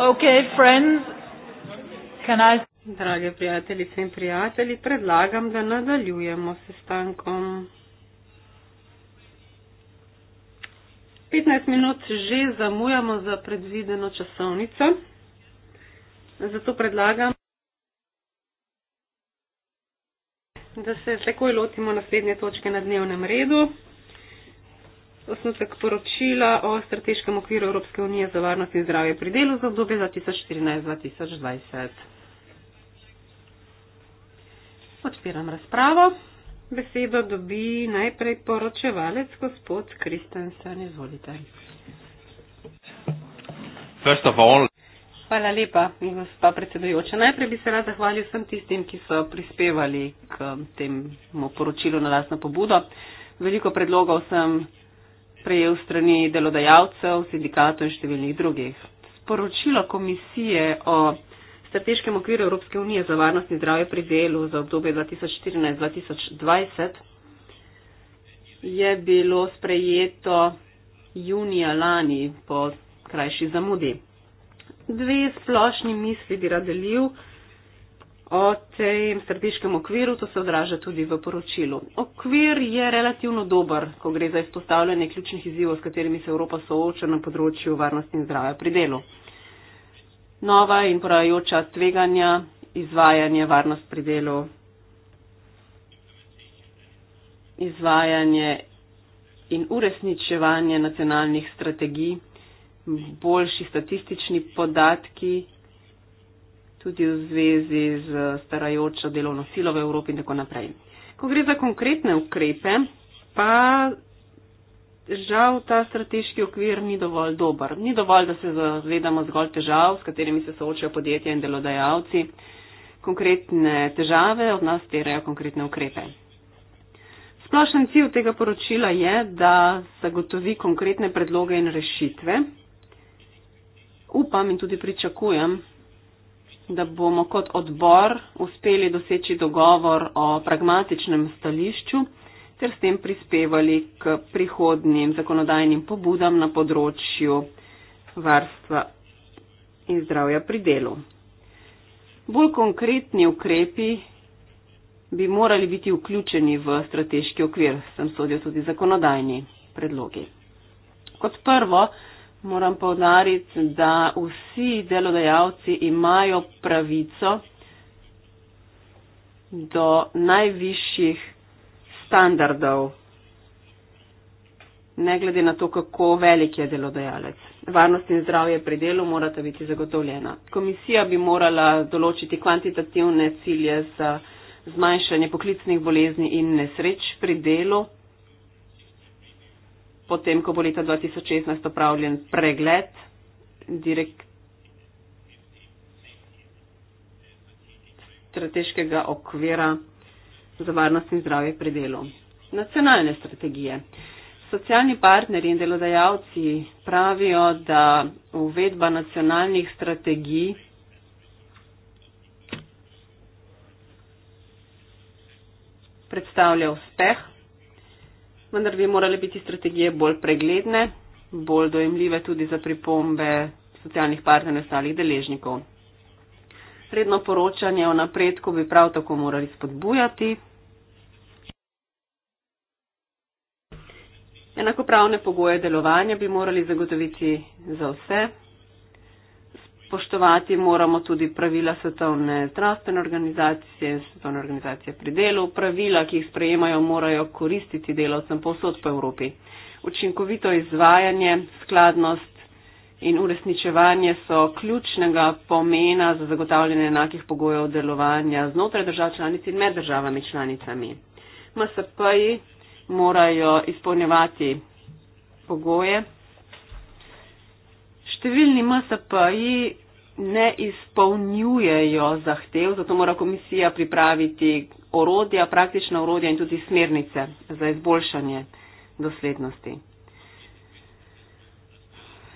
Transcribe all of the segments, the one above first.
Okay, friends, can I... Drage prijateljice in prijatelji, predlagam, da nadaljujemo s sestankom. 15 minut že zamujamo za predvideno časovnico, zato predlagam, da se takoj lotimo naslednje točke na dnevnem redu osnutek poročila o strateškem okviru Evropske unije za varnost in zdravje pri delu za obdobje 2014-2020. Odpiram razpravo. Besedo dobi najprej poročevalec gospod Kristensen. Izvolite. Hvala lepa, gospod predsedujoča. Najprej bi se rad zahvalil vsem tistim, ki so prispevali k temu poročilu na lasno pobudo. Veliko predlogov sem prejel strani delodajalcev, sindikatov in številnih drugih. Sporočilo komisije o strateškem okviru Evropske unije za varnost in zdravje pri delu za obdobje 2014-2020 je bilo sprejeto junija lani po krajši zamudi. Dve splošni misli bi rad delil o tem strateškem okviru, to se odraža tudi v poročilu. Okvir je relativno dober, ko gre za izpostavljanje ključnih izzivov, s katerimi se Evropa sooča na področju varnosti in zdravja pri delu. Nova in porajoča tveganja, izvajanje varnost pri delu, izvajanje in uresničevanje nacionalnih strategij, boljši statistični podatki tudi v zvezi z starajočo delovno silo v Evropi in tako naprej. Ko gre za konkretne ukrepe, pa žal ta strateški okvir ni dovolj dober. Ni dovolj, da se zavedamo zgolj težav, s katerimi se soočajo podjetja in delodajalci. Konkretne težave od nas terajo konkretne ukrepe. Splošen cilj tega poročila je, da zagotovi konkretne predloge in rešitve. Upam in tudi pričakujem, da bomo kot odbor uspeli doseči dogovor o pragmatičnem stališču ter s tem prispevali k prihodnim zakonodajnim pobudam na področju varstva in zdravja pri delu. Bolj konkretni ukrepi bi morali biti vključeni v strateški okvir, sem sodijo tudi zakonodajni predlogi. Kot prvo, moram povdariti, da vsi delodajalci imajo pravico do najvišjih standardov, ne glede na to, kako velik je delodajalec. Varnost in zdravje pri delu morata biti zagotovljena. Komisija bi morala določiti kvantitativne cilje za zmanjšanje poklicnih bolezni in nesreč pri delu potem, ko bo leta 2016 opravljen pregled strateškega okvira za varnost in zdravje pri delu. Nacionalne strategije. Socialni partnerji in delodajalci pravijo, da uvedba nacionalnih strategij predstavlja uspeh vendar bi morale biti strategije bolj pregledne, bolj dojemljive tudi za pripombe socialnih partnerjev in ostalih deležnikov. Redno poročanje o napredku bi prav tako morali spodbujati. Enakopravne pogoje delovanja bi morali zagotoviti za vse, spoštovati moramo tudi pravila svetovne zdravstvene organizacije in svetovne organizacije pri delu. Pravila, ki jih sprejemajo, morajo koristiti delavcem povsod po Evropi. Učinkovito izvajanje, skladnost in uresničevanje so ključnega pomena za zagotavljanje enakih pogojev delovanja znotraj držav članic in med državami članicami. MSP-ji morajo izpolnjevati pogoje Številni MSP-ji ne izpolnjujejo zahtev, zato mora komisija pripraviti orodja, praktična orodja in tudi smernice za izboljšanje doslednosti.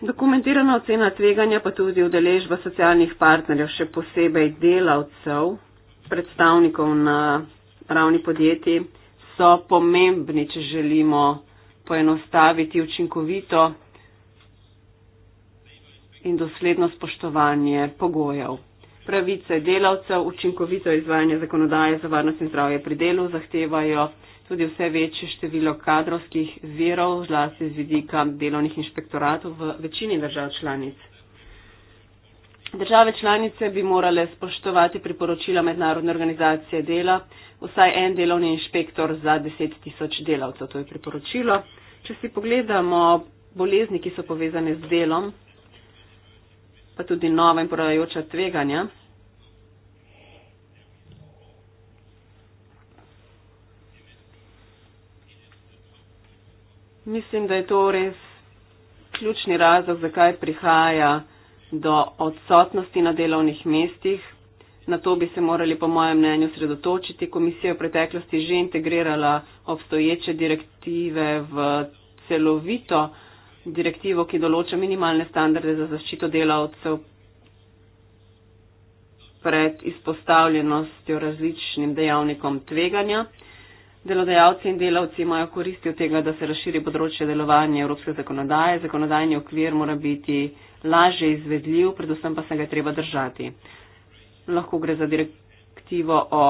Dokumentirana ocena tveganja pa tudi udeležba socialnih partnerjev, še posebej delavcev, predstavnikov na ravni podjetij, so pomembni, če želimo poenostaviti učinkovito in dosledno spoštovanje pogojev. Pravice delavcev, učinkovito izvajanje zakonodaje za varnost in zdravje pri delu zahtevajo tudi vse večje število kadrovskih zverov, zlasti z vidika delovnih inšpektoratov v večini držav članic. Države članice bi morale spoštovati priporočila Mednarodne organizacije dela, vsaj en delovni inšpektor za 10 tisoč delavcev, to je priporočilo. Če si pogledamo bolezni, ki so povezane z delom, pa tudi nova in porajajoča tveganja. Mislim, da je to res ključni razlog, zakaj prihaja do odsotnosti na delovnih mestih. Na to bi se morali, po mojem mnenju, sredotočiti. Komisija je v preteklosti že integrirala obstoječe direktive v celovito direktivo, ki določa minimalne standarde za zaščito delavcev pred izpostavljenostjo različnim dejavnikom tveganja. Delodajalci in delavci imajo koristi od tega, da se razširi področje delovanja evropske zakonodaje. Zakonodajni okvir mora biti lažje izvedljiv, predvsem pa se ga treba držati. Lahko gre za direktivo o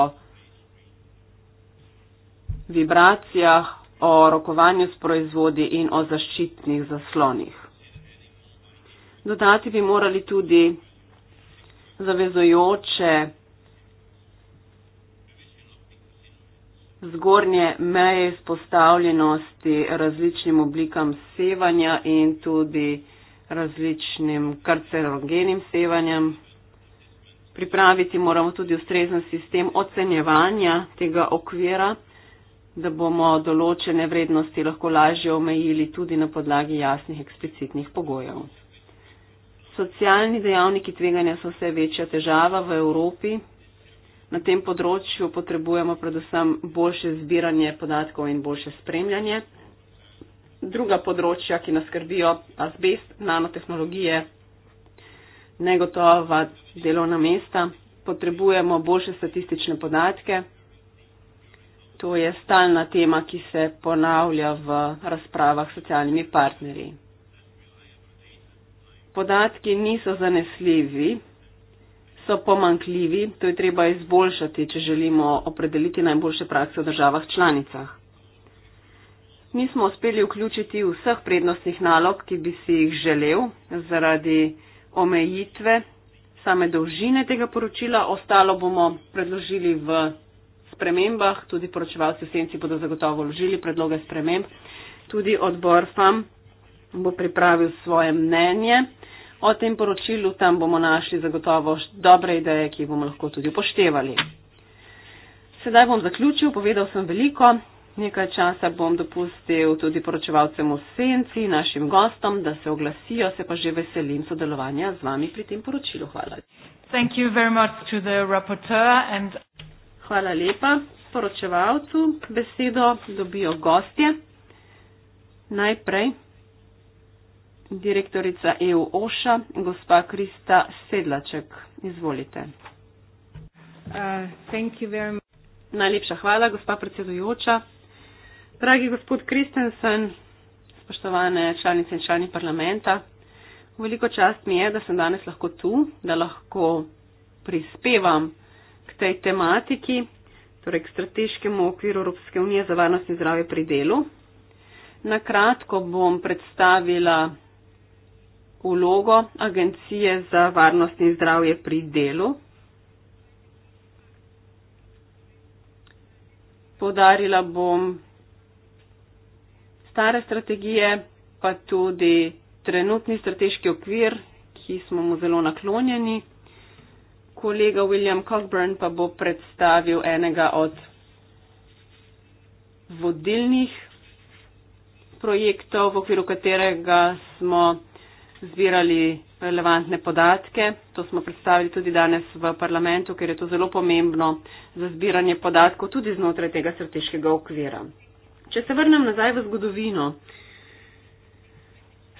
vibracijah, o rokovanju s proizvodi in o zaščitnih zaslonih. Dodati bi morali tudi zavezojoče zgornje meje izpostavljenosti različnim oblikam sevanja in tudi različnim karcerogenim sevanjem. Pripraviti moramo tudi ustrezen sistem ocenjevanja tega okvira da bomo določene vrednosti lahko lažje omejili tudi na podlagi jasnih eksplicitnih pogojev. Socialni dejavniki tveganja so vse večja težava v Evropi. Na tem področju potrebujemo predvsem boljše zbiranje podatkov in boljše spremljanje. Druga področja, ki nas skrbijo, azbest, nanotehnologije, negotova delovna mesta, potrebujemo boljše statistične podatke, to je stalna tema, ki se ponavlja v razpravah s socialnimi partnerji. Podatki niso zanesljivi, so pomankljivi, to je treba izboljšati, če želimo opredeliti najboljše prakse v državah članicah. Nismo uspeli vključiti vseh prednostnih nalog, ki bi si jih želel, zaradi omejitve same dolžine tega poročila. Ostalo bomo predložili v spremembah, tudi poročevalci v senci bodo zagotovo vložili predloge sprememb. Tudi odbor FAM bo pripravil svoje mnenje o tem poročilu, tam bomo našli zagotovo dobre ideje, ki jih bomo lahko tudi upoštevali. Sedaj bom zaključil, povedal sem veliko, nekaj časa bom dopustil tudi poročevalcem v senci, našim gostom, da se oglasijo, se pa že veselim sodelovanja z vami pri tem poročilu. Hvala. Thank you very much to the rapporteur and hvala lepa poročevalcu. Besedo dobijo gostje. Najprej direktorica EU OŠA, gospa Krista Sedlaček. Izvolite. Uh, Najlepša hvala, gospa predsedujoča. Dragi gospod Kristensen, spoštovane članice in člani parlamenta, veliko čast mi je, da sem danes lahko tu, da lahko prispevam k tej tematiki, torej k strateškemu okviru Evropske unije za varnost in zdravje pri delu. Nakratko bom predstavila vlogo Agencije za varnost in zdravje pri delu. Podarila bom stare strategije, pa tudi trenutni strateški okvir, ki smo mu zelo naklonjeni kolega William Cockburn pa bo predstavil enega od vodilnih projektov, v okviru katerega smo zbirali relevantne podatke. To smo predstavili tudi danes v parlamentu, ker je to zelo pomembno za zbiranje podatkov tudi znotraj tega strateškega okvira. Če se vrnem nazaj v zgodovino,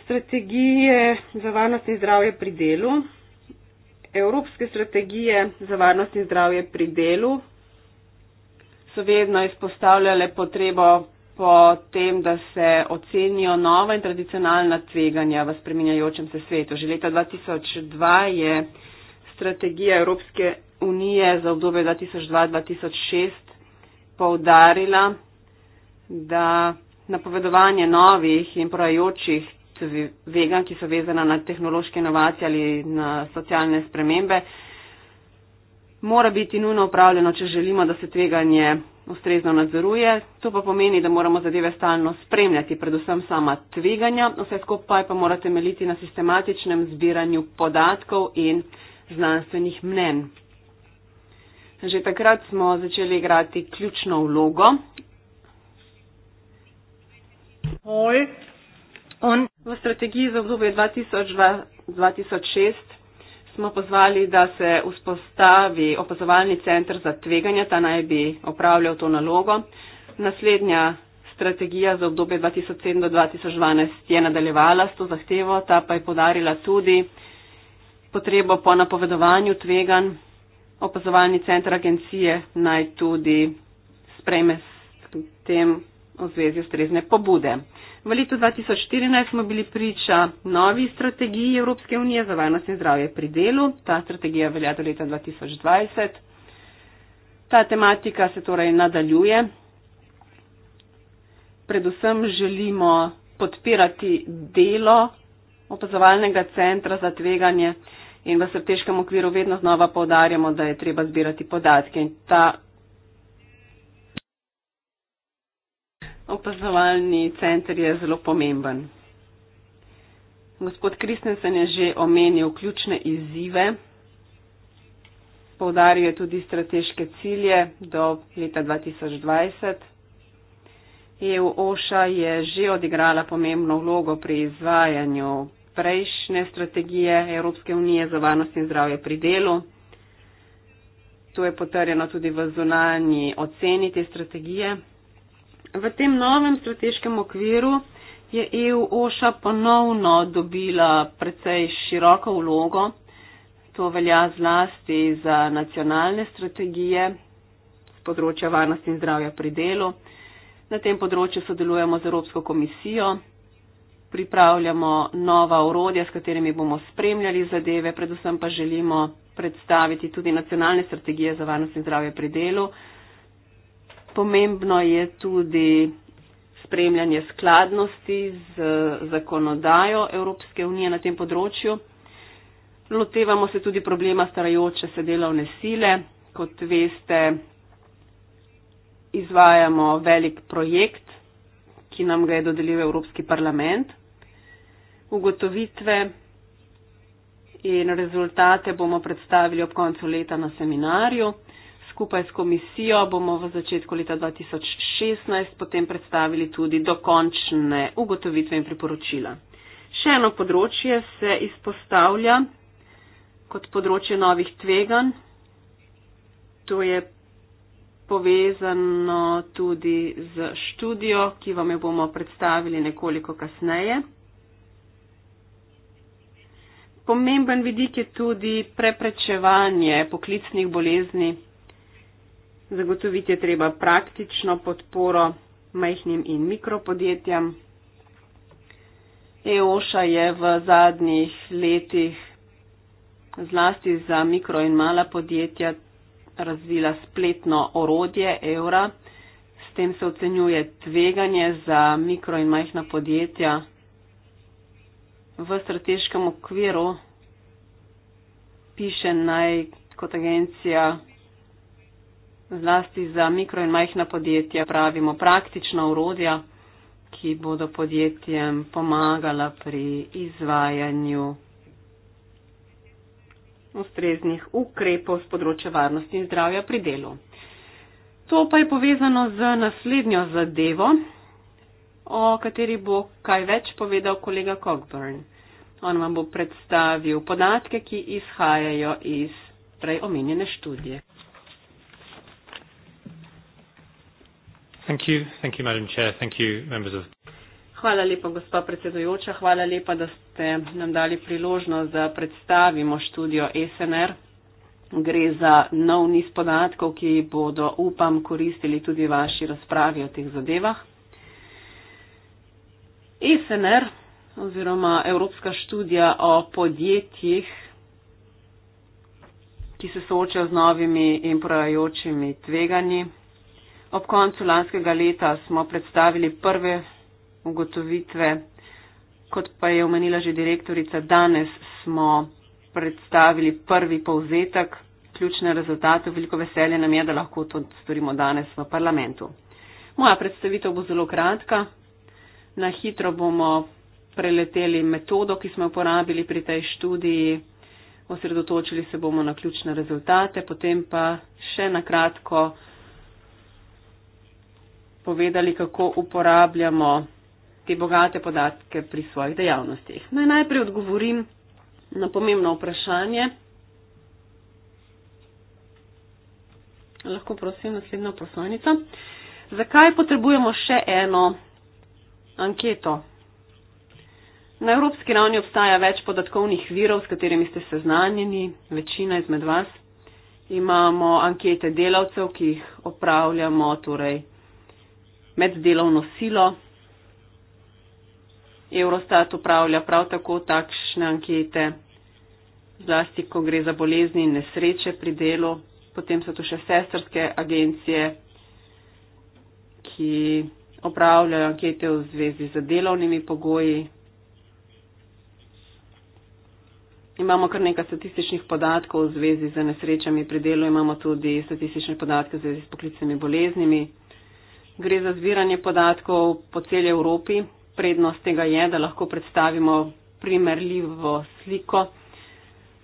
strategije za varnost in zdravje pri delu evropske strategije za varnost in zdravje pri delu so vedno izpostavljale potrebo po tem, da se ocenijo nova in tradicionalna tveganja v spreminjajočem se svetu. Že leta 2002 je strategija Evropske unije za obdobje 2002-2006 poudarila, da napovedovanje novih in porajočih skozi vega, ki so vezana na tehnološke inovacije ali na socialne spremembe, mora biti nujno upravljeno, če želimo, da se tveganje ustrezno nadzoruje. To pa pomeni, da moramo zadeve stalno spremljati, predvsem sama tveganja. Vse skupaj pa morate meliti na sistematičnem zbiranju podatkov in znanstvenih mnen. Že takrat smo začeli igrati ključno vlogo. Oi. On V strategiji za obdobje 2002-2006 smo pozvali, da se vzpostavi opazovalni center za tveganja, ta naj bi opravljal to nalogo. Naslednja strategija za obdobje 2007-2012 je nadaljevala s to zahtevo, ta pa je podarila tudi potrebo po napovedovanju tvegan. Opazovalni center agencije naj tudi sprejme s tem v zvezi ustrezne pobude. V letu 2014 smo bili priča novi strategiji Evropske unije za varnost in zdravje pri delu. Ta strategija velja do leta 2020. Ta tematika se torej nadaljuje. Predvsem želimo podpirati delo opazovalnega centra za tveganje in v strateškem okviru vedno znova povdarjamo, da je treba zbirati podatke in ta opazovalni center je zelo pomemben. Gospod Kristensen je že omenil ključne izzive, povdaril je tudi strateške cilje do leta 2020. EU OŠA je že odigrala pomembno vlogo pri izvajanju prejšnje strategije Evropske unije za varnost in zdravje pri delu. To je potrjeno tudi v zunanji oceni te strategije v tem novem strateškem okviru je EU OŠA ponovno dobila precej široko vlogo. To velja zlasti za nacionalne strategije z področja varnosti in zdravja pri delu. Na tem področju sodelujemo z Evropsko komisijo, pripravljamo nova orodja, s katerimi bomo spremljali zadeve, predvsem pa želimo predstaviti tudi nacionalne strategije za varnost in zdravje pri delu. Pomembno je tudi spremljanje skladnosti z zakonodajo Evropske unije na tem področju. Lotevamo se tudi problema starajoče se delovne sile. Kot veste, izvajamo velik projekt, ki nam ga je dodelil Evropski parlament. Ugotovitve in rezultate bomo predstavili ob koncu leta na seminarju skupaj s komisijo bomo v začetku leta 2016 potem predstavili tudi dokončne ugotovitve in priporočila. Še eno področje se izpostavlja kot področje novih tvegan. To je povezano tudi z študijo, ki vam jo bomo predstavili nekoliko kasneje. Pomemben vidik je tudi preprečevanje poklicnih bolezni Zagotoviti je treba praktično podporo majhnim in mikropodjetjam. EOŠA je v zadnjih letih zlasti za mikro in mala podjetja razvila spletno orodje evra. S tem se ocenjuje tveganje za mikro in majhna podjetja v strateškem okviru. Piše naj kot agencija zlasti za mikro in majhna podjetja pravimo praktična urodja, ki bodo podjetjem pomagala pri izvajanju ustreznih ukrepov z področja varnosti in zdravja pri delu. To pa je povezano z naslednjo zadevo, o kateri bo kaj več povedal kolega Cockburn. On vam bo predstavil podatke, ki izhajajo iz prej omenjene študije. Thank you. Thank you, Madam Chair. Thank you, members of Hvala lepa, gospa predsedujoča. Hvala lepa, da ste nam dali priložnost, da predstavimo študijo SNR. Gre za nov niz podatkov, ki bodo, upam, koristili tudi vaši razpravi o teh zadevah. SNR oziroma Evropska študija o podjetjih, ki se soočajo z novimi in porajočimi tveganji, Ob koncu lanskega leta smo predstavili prve ugotovitve, kot pa je omenila že direktorica, danes smo predstavili prvi povzetek, ključne rezultate. Veliko veselje nam je, da lahko to storimo danes v parlamentu. Moja predstavitev bo zelo kratka. Na hitro bomo preleteli metodo, ki smo jo uporabili pri tej študiji, osredotočili se bomo na ključne rezultate, potem pa še na kratko povedali, kako uporabljamo te bogate podatke pri svojih dejavnostih. Naj najprej odgovorim na pomembno vprašanje. Lahko prosim naslednjo poslovnico. Zakaj potrebujemo še eno anketo? Na evropski ravni obstaja več podatkovnih virov, s katerimi ste seznanjeni, večina izmed vas. Imamo ankete delavcev, ki jih opravljamo, torej med delovno silo. Eurostat upravlja prav tako takšne ankete, zlasti, ko gre za bolezni in nesreče pri delu. Potem so tu še sestrske agencije, ki upravljajo ankete v zvezi z delovnimi pogoji. Imamo kar nekaj statističnih podatkov v zvezi z nesrečami pri delu, imamo tudi statistične podatke v zvezi s poklicnimi boleznimi. Gre za zbiranje podatkov po celi Evropi. Prednost tega je, da lahko predstavimo primerljivo sliko,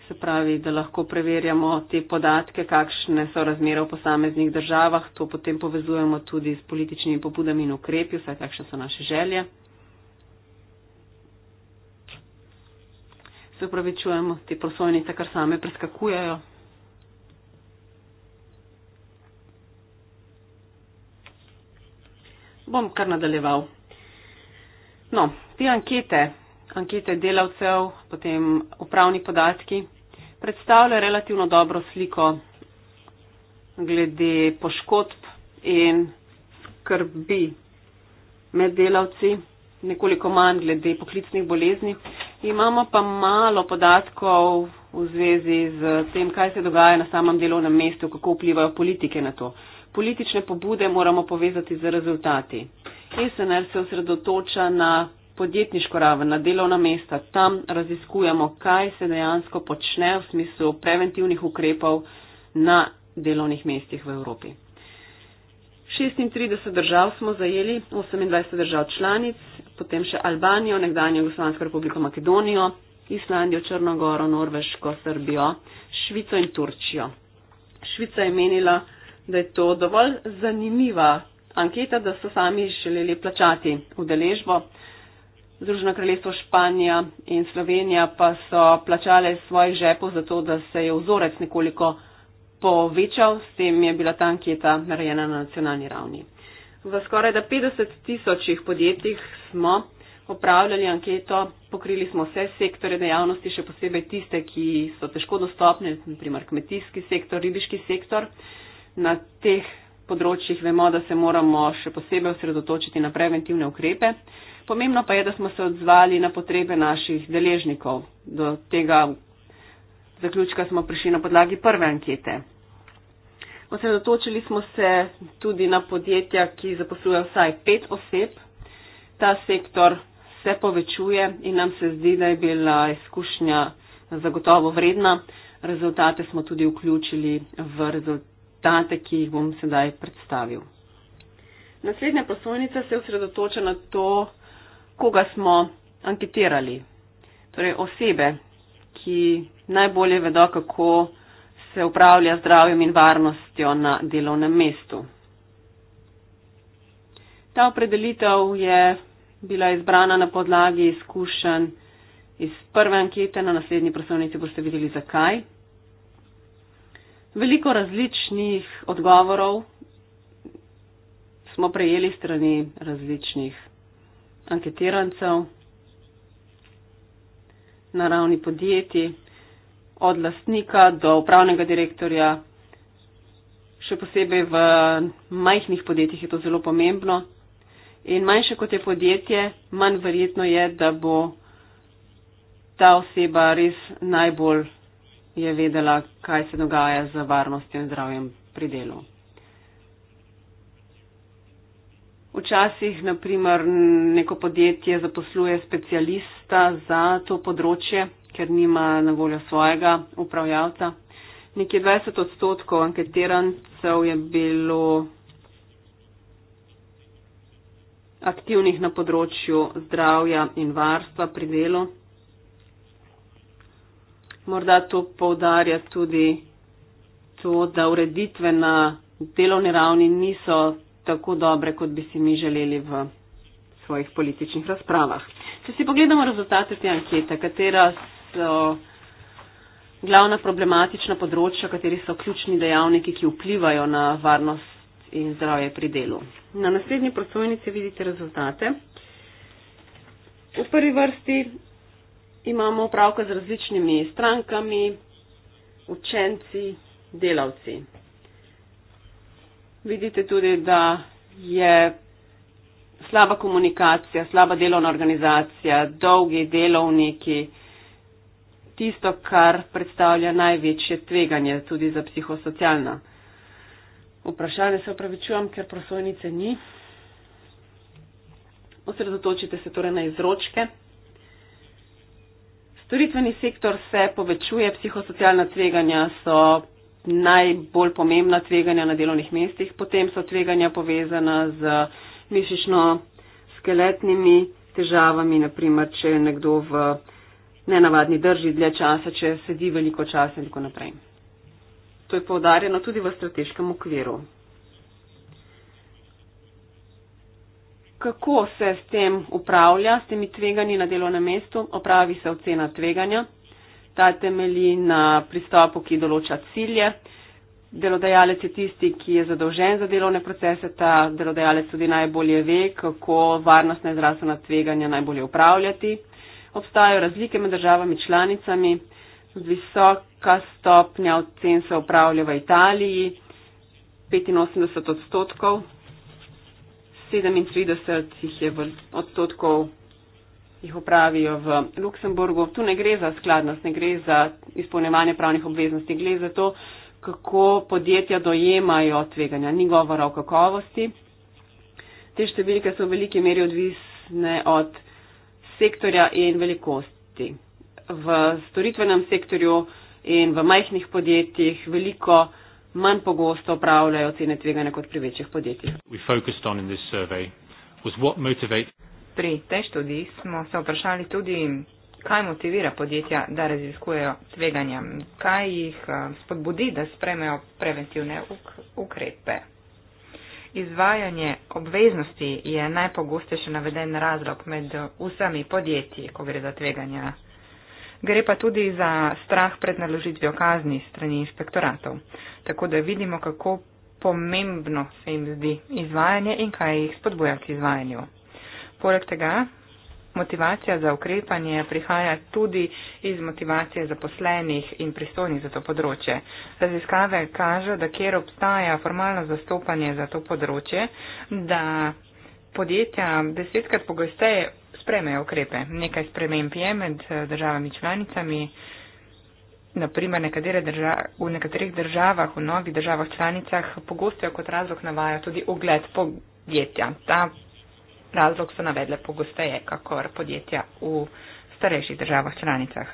se pravi, da lahko preverjamo te podatke, kakšne so razmere v posameznih državah. To potem povezujemo tudi s političnimi pobudami in ukrepi, vsaj kakšne so naše želje. Se upravičujemo, te prosojnice kar same preskakujejo. bom kar nadaljeval. No, te ankete, ankete delavcev, potem upravni podatki predstavljajo relativno dobro sliko glede poškodb in skrbi med delavci, nekoliko manj glede poklicnih bolezni. Imamo pa malo podatkov v zvezi z tem, kaj se dogaja na samem delovnem mestu, kako vplivajo politike na to politične pobude moramo povezati z rezultati. SNR se osredotoča na podjetniško raven, na delovna mesta. Tam raziskujemo, kaj se dejansko počne v smislu preventivnih ukrepov na delovnih mestih v Evropi. 36 držav smo zajeli, 28 držav članic, potem še Albanijo, nekdanje Jugoslavijsko republiko Makedonijo, Islandijo, Črnogoro, Norveško, Srbijo, Švico in Turčijo. Švica je menila, da je to dovolj zanimiva anketa, da so sami želeli plačati udeležbo. Združeno kraljestvo Španija in Slovenija pa so plačale svojih žepov za to, da se je vzorec nekoliko povečal, s tem je bila ta anketa narejena na nacionalni ravni. V skoraj da 50 tisočih podjetjih smo opravljali anketo, pokrili smo vse sektore dejavnosti, še posebej tiste, ki so težko dostopne, naprimer kmetijski sektor, ribiški sektor na teh področjih vemo, da se moramo še posebej osredotočiti na preventivne ukrepe. Pomembno pa je, da smo se odzvali na potrebe naših deležnikov. Do tega zaključka smo prišli na podlagi prve ankete. Osredotočili smo se tudi na podjetja, ki zaposlujejo vsaj pet oseb. Ta sektor se povečuje in nam se zdi, da je bila izkušnja zagotovo vredna. Rezultate smo tudi vključili v rezultat rezultate, ki jih bom sedaj predstavil. Naslednja poslovnica se osredotoča na to, koga smo anketirali. Torej osebe, ki najbolje vedo, kako se upravlja zdravjem in varnostjo na delovnem mestu. Ta opredelitev je bila izbrana na podlagi izkušenj iz prve ankete, na naslednji poslovnici boste videli zakaj. Veliko različnih odgovorov smo prejeli strani različnih anketirancev na ravni podjetij, od lastnika do upravnega direktorja. Še posebej v majhnih podjetjih je to zelo pomembno. In manjše kot je podjetje, manj verjetno je, da bo ta oseba res najbolj je vedela, kaj se dogaja z varnostjo in zdravjem pri delu. Včasih, naprimer, neko podjetje zaposluje specialista za to področje, ker nima na voljo svojega upravljavca. Nekje 20 odstotkov anketirancev je bilo aktivnih na področju zdravja in varstva pri delu morda to povdarja tudi to, da ureditve na delovni ravni niso tako dobre, kot bi si mi želeli v svojih političnih razpravah. Če si pogledamo rezultate te ankete, katera so glavna problematična področja, kateri so ključni dejavniki, ki vplivajo na varnost in zdravje pri delu. Na naslednji prosojnici vidite rezultate. V prvi vrsti imamo opravka z različnimi strankami, učenci, delavci. Vidite tudi, da je slaba komunikacija, slaba delovna organizacija, dolgi delovniki tisto, kar predstavlja največje tveganje tudi za psihosocialna. Vprašanje se opravičujem, ker prosojnice ni. Osredotočite se torej na izročke. Storitveni sektor se povečuje, psihosocialna tveganja so najbolj pomembna tveganja na delovnih mestih, potem so tveganja povezana z mišično-skeletnimi težavami, naprimer, če je nekdo v nenavadni drži dlje časa, če sedi veliko časa in tako naprej. To je poudarjeno tudi v strateškem okviru. kako se s tem upravlja, s temi tveganji na delovnem mestu, opravi se ocena tveganja. Ta temelji na pristopu, ki določa cilje. Delodajalec je tisti, ki je zadolžen za delovne procese, ta delodajalec tudi najbolje ve, kako varnostna in zdravstvena tveganja najbolje upravljati. Obstajajo razlike med državami članicami. Visoka stopnja ocen se upravlja v Italiji, 85 odstotkov, 37 jih je v odstotkov jih opravijo v Luksemburgu. Tu ne gre za skladnost, ne gre za izpolnevanje pravnih obveznosti, gre za to, kako podjetja dojemajo tveganja. Ni govora o kakovosti. Te številke so v veliki meri odvisne od sektorja in velikosti. V storitvenem sektorju in v majhnih podjetjih veliko manj pogosto upravljajo cene tveganja kot pri večjih podjetjih. Pri tej študiji smo se vprašali tudi, kaj motivira podjetja, da raziskujejo tveganja, kaj jih eh, spodbudi, da spremejo preventivne uk ukrepe. Izvajanje obveznosti je najpogostejši naveden razlog med vsemi podjetji, ko gre za tveganja gre pa tudi za strah pred naložitvijo kazni strani inšpektoratov. Tako da vidimo, kako pomembno se jim zdi izvajanje in kaj jih spodbuja k izvajanju. Poleg tega motivacija za ukrepanje prihaja tudi iz motivacije zaposlenih in pristojnih za to področje. Raziskave kažejo, da kjer obstaja formalno zastopanje za to področje, da podjetja desetkrat pogosteje sprejmejo ukrepe. Nekaj sprememb je med eh, državami članicami. Naprimer, v nekaterih državah, v novih državah članicah, pogosto jo kot razlog navajajo tudi ogled podjetja. Ta razlog so navedle pogosteje, kakor podjetja v starejših državah članicah.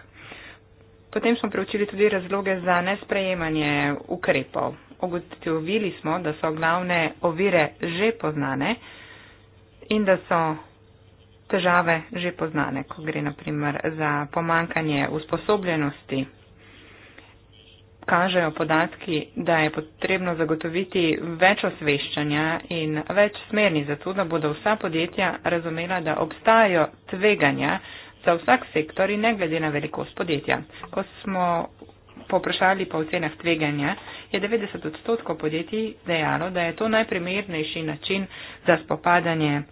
Potem smo preučili tudi razloge za nesprejemanje ukrepov. Ugotovili smo, da so glavne ovire že poznane in da so težave že poznane, ko gre naprimer za pomankanje usposobljenosti. Kažejo podatki, da je potrebno zagotoviti več osveščanja in več smerni za to, da bodo vsa podjetja razumela, da obstajajo tveganja za vsak sektor in ne glede na velikost podjetja. Ko smo poprašali po ocenah tveganja, je 90 odstotkov podjetij dejalo, da je to najprimernejši način za spopadanje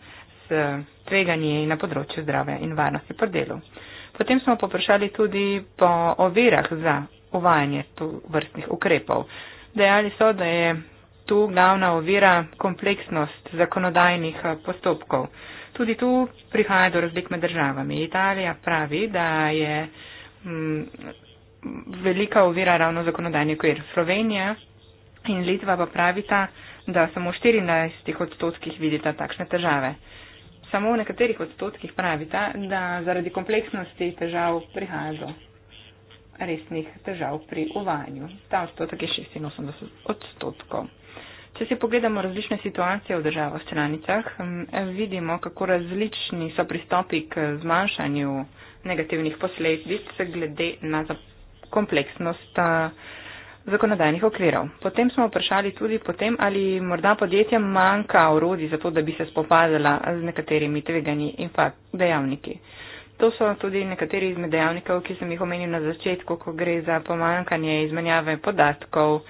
s eh, tveganji na področju zdravja in varnosti pri delu. Potem smo poprašali tudi po ovirah za uvajanje tu vrstnih ukrepov. Dejali so, da je tu glavna ovira kompleksnost zakonodajnih eh, postopkov. Tudi tu prihaja do razlik med državami. Italija pravi, da je m, mm, velika ovira ravno zakonodajni okvir. Slovenija in Litva pa pravita, da samo v 14 odstotkih vidita takšne težave samo v nekaterih odstotkih pravita, da zaradi kompleksnosti težav prihaja do resnih težav pri uvajanju. Ta odstotek je 86 odstotkov. Če si pogledamo različne situacije v državah članicah, vidimo, kako različni so pristopi k zmanjšanju negativnih posledic glede na kompleksnost. Uh, zakonodajnih okvirov. Potem smo vprašali tudi potem, ali morda podjetjem manjka orodi za to, da bi se spopadala z nekaterimi tvegani in pa dejavniki. To so tudi nekateri izmed dejavnikov, ki sem jih omenil na začetku, ko gre za pomankanje izmenjave podatkov,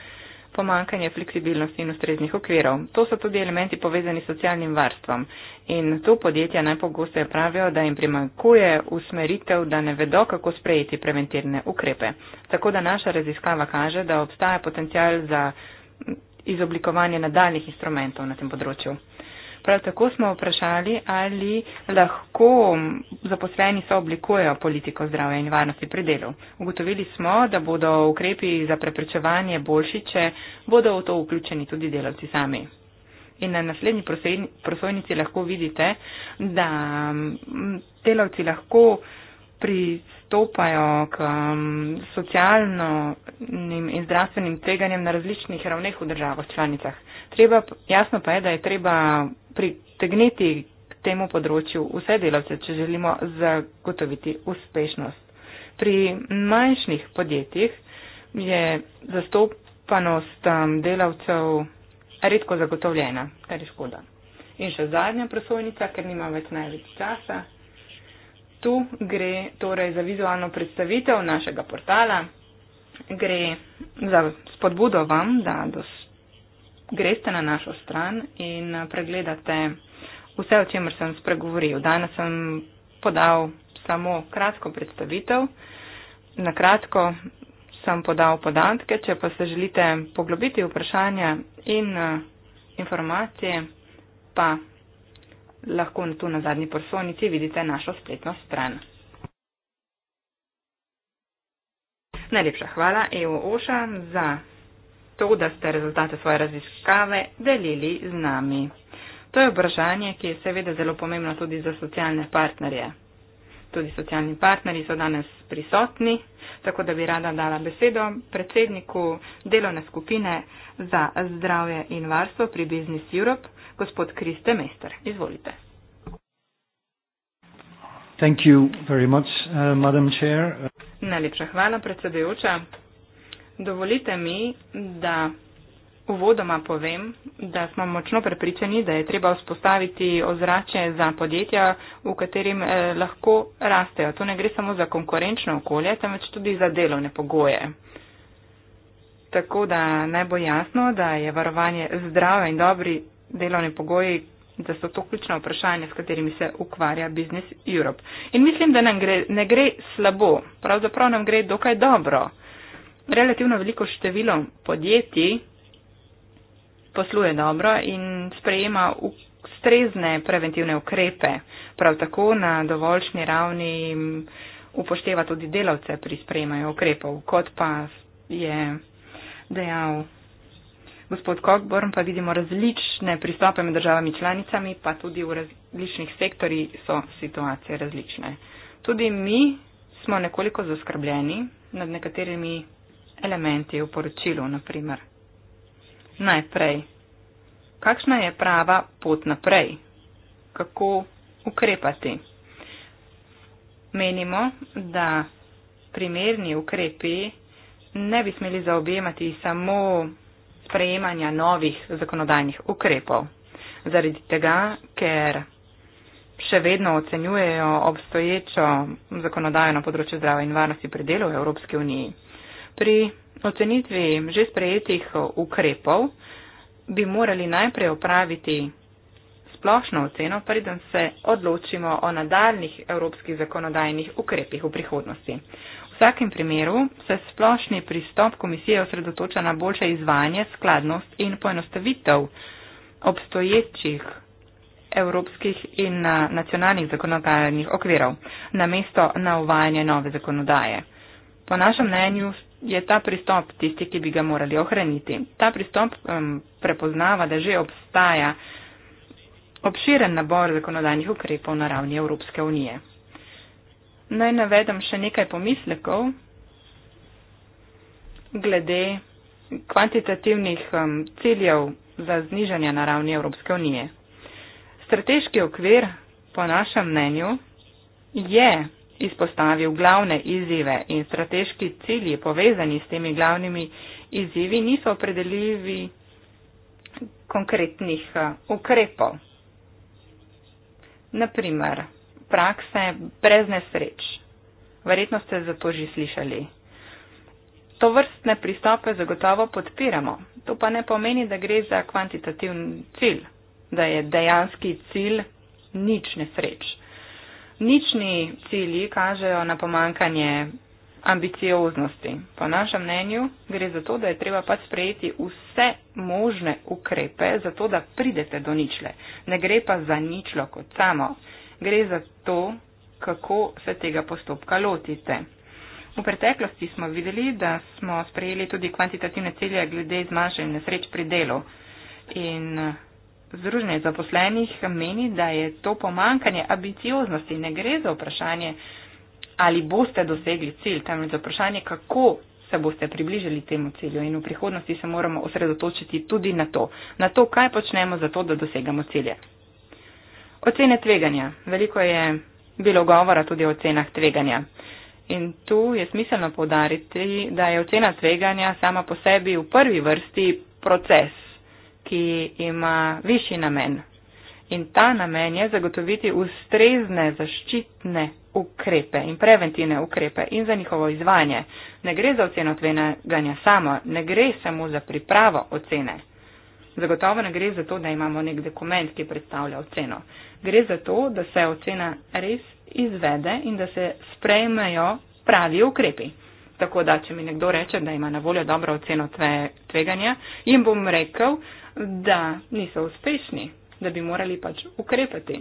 pomankanje fleksibilnosti in ustreznih okvirov. To so tudi elementi povezani s socialnim varstvom. In tu podjetja najpogosteje pravijo, da jim primankuje usmeritev, da ne vedo, kako sprejeti preventivne ukrepe. Tako da naša raziskava kaže, da obstaja potencial za izoblikovanje nadaljnih instrumentov na tem področju. Prav tako smo vprašali, ali lahko zaposleni so oblikujejo politiko zdravja in varnosti pri delu. Ugotovili smo, da bodo ukrepi za preprečevanje boljši, če bodo v to vključeni tudi delavci sami. In na naslednji prosojnici lahko vidite, da mm, delavci lahko pristopajo k um, socialnim in zdravstvenim tveganjem na različnih ravneh v državah članicah. Treba, jasno pa je, da je treba pritegniti k temu področju vse delavce, če želimo zagotoviti uspešnost. Pri manjšnih podjetjih je zastopanost um, delavcev redko zagotovljena, kar je škoda. In še zadnja presojnica, ker nima več največ časa tu gre torej za vizualno predstavitev našega portala, gre za spodbudo vam, da dos, greste na našo stran in eh, pregledate vse, o čemer sem spregovoril. Danes sem podal samo kratko predstavitev, na kratko sem podal podatke, če pa se želite poglobiti vprašanja in eh, informacije, pa lahko tu na zadnji prosonici vidite našo spletno stran. Najlepša hvala EU Oša za to, da ste rezultate svoje raziskave delili z nami. To je obražanje, ki je seveda zelo pomembno tudi za socialne partnerje. Tudi socialni partnerji so danes prisotni, tako da bi rada dala besedo predsedniku delovne skupine za zdravje in varstvo pri Business Europe gospod Kriste Mester. Izvolite. Thank you very much, uh, Madam Chair. Najlepša hvala, predsedujoča. Dovolite mi, da uvodoma povem, da smo močno prepričani, da je treba vzpostaviti ozračje za podjetja, v katerim eh, lahko rastejo. To ne gre samo za konkurenčno okolje, temveč tudi za delovne pogoje. Tako da naj bo jasno, da je varovanje zdrave in dobri delovni pogoji, da so to ključna vprašanja, s katerimi se ukvarja Business Europe. In mislim, da nam gre, ne gre slabo, pravzaprav nam gre dokaj dobro. Relativno veliko število podjetij posluje dobro in sprejema ustrezne preventivne ukrepe. Prav tako na dovoljšnji ravni upošteva tudi delavce pri sprejemanju ukrepov, kot pa je dejal Gospod Kogborn, pa vidimo različne pristope med državami članicami, pa tudi v različnih sektorjih so situacije različne. Tudi mi smo nekoliko zaskrbljeni nad nekaterimi elementi v poročilu, naprimer. Najprej, kakšna je prava pot naprej? Kako ukrepati? Menimo, da primerni ukrepi ne bi smeli zaobjemati samo sprejemanja novih zakonodajnih ukrepov. Zaradi tega, ker še vedno ocenjujejo obstoječo zakonodajo na področju zdrave in varnosti pri delu v Evropski uniji. Pri ocenitvi že sprejetih ukrepov bi morali najprej opraviti splošno oceno, preden se odločimo o nadaljnih evropskih zakonodajnih ukrepih v prihodnosti vsakem primeru se splošni pristop komisije osredotoča na boljše izvajanje, skladnost in poenostavitev obstoječih evropskih in eh, nacionalnih zakonodajnih okvirov, namesto na uvajanje nove zakonodaje. Po našem mnenju je ta pristop tisti, ki bi ga morali ohraniti. Ta pristop um, prepoznava, da že obstaja obširen nabor zakonodajnih ukrepov na ravni Evropske unije naj navedem še nekaj pomislekov glede kvantitativnih um, ciljev za znižanje na ravni Evropske unije. Strateški okvir, po našem mnenju, je izpostavil glavne izzive in strateški cilji povezani s temi glavnimi izzivi niso opredeljivi konkretnih uh, ukrepov. Naprimer, prakse brez nesreč. Verjetno ste za to že slišali. To vrstne pristope zagotovo podpiramo. To pa ne pomeni, da gre za kvantitativni cilj, da je dejanski cilj nič nesreč. Nični cilji kažejo na pomankanje ambicioznosti. Po našem mnenju gre za to, da je treba pač sprejeti vse možne ukrepe, zato da pridete do ničle. Ne gre pa za ničlo kot samo gre za to, kako se tega postopka lotite. V preteklosti smo videli, da smo sprejeli tudi kvantitativne cilje glede zmanjšanja nesreč pri delu. In eh, Združenje zaposlenih meni, da je to pomankanje ambicioznosti. Ne gre za vprašanje, ali boste dosegli cilj, temveč za vprašanje, kako se boste približali temu cilju. In v prihodnosti se moramo osredotočiti tudi na to, na to, kaj počnemo za to, da dosegamo cilje. Ocene tveganja. Veliko je bilo govora tudi o cenah tveganja. In tu je smiselno povdariti, da je ocena tveganja sama po sebi v prvi vrsti proces, ki ima višji namen. In ta namen je zagotoviti ustrezne zaščitne ukrepe in preventivne ukrepe in za njihovo izvanje. Ne gre za oceno tveganja samo, ne gre samo za pripravo ocene. Zagotovo ne gre za to, da imamo nek dokument, ki predstavlja oceno gre za to, da se ocena res izvede in da se sprejmejo pravi ukrepi. Tako da, če mi nekdo reče, da ima na voljo dobro oceno tve, tveganja, jim bom rekel, da niso uspešni, da bi morali pač ukrepati.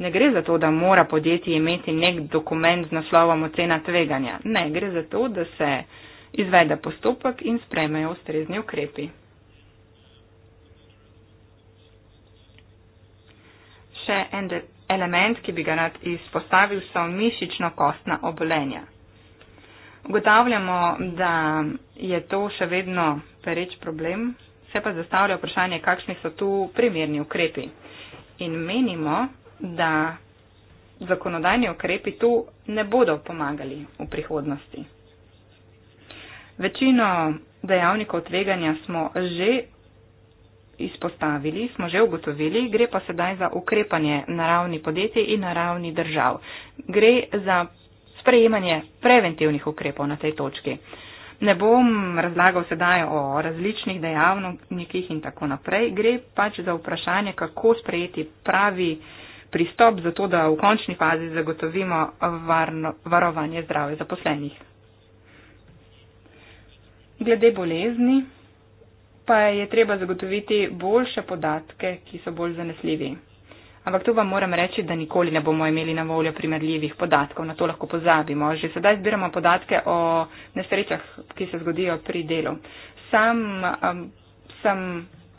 Ne gre za to, da mora podjetje imeti nek dokument z naslovom ocena tveganja. Ne, gre za to, da se izvede postopek in sprejmejo ustrezni ukrepi. Še en element, ki bi ga rad izpostavil, so mišično-kostna obolenja. Ugotavljamo, da je to še vedno pereč problem, se pa zastavlja vprašanje, kakšni so tu primerni ukrepi. In menimo, da zakonodajni ukrepi tu ne bodo pomagali v prihodnosti. Večino dejavnikov tveganja smo že izpostavili, smo že ugotovili, gre pa sedaj za ukrepanje na ravni podjetij in na ravni držav. Gre za sprejemanje preventivnih ukrepov na tej točki. Ne bom razlagal sedaj o različnih dejavnikih in tako naprej, gre pač za vprašanje, kako sprejeti pravi pristop za to, da v končni fazi zagotovimo varno, varovanje zdrave zaposlenih. Glede bolezni pa je treba zagotoviti boljše podatke, ki so bolj zanesljivi. Ampak tu vam moram reči, da nikoli ne bomo imeli na voljo primerljivih podatkov, na to lahko pozabimo. Že sedaj zbiramo podatke o nesrečah, ki se zgodijo pri delu. Sam um, sem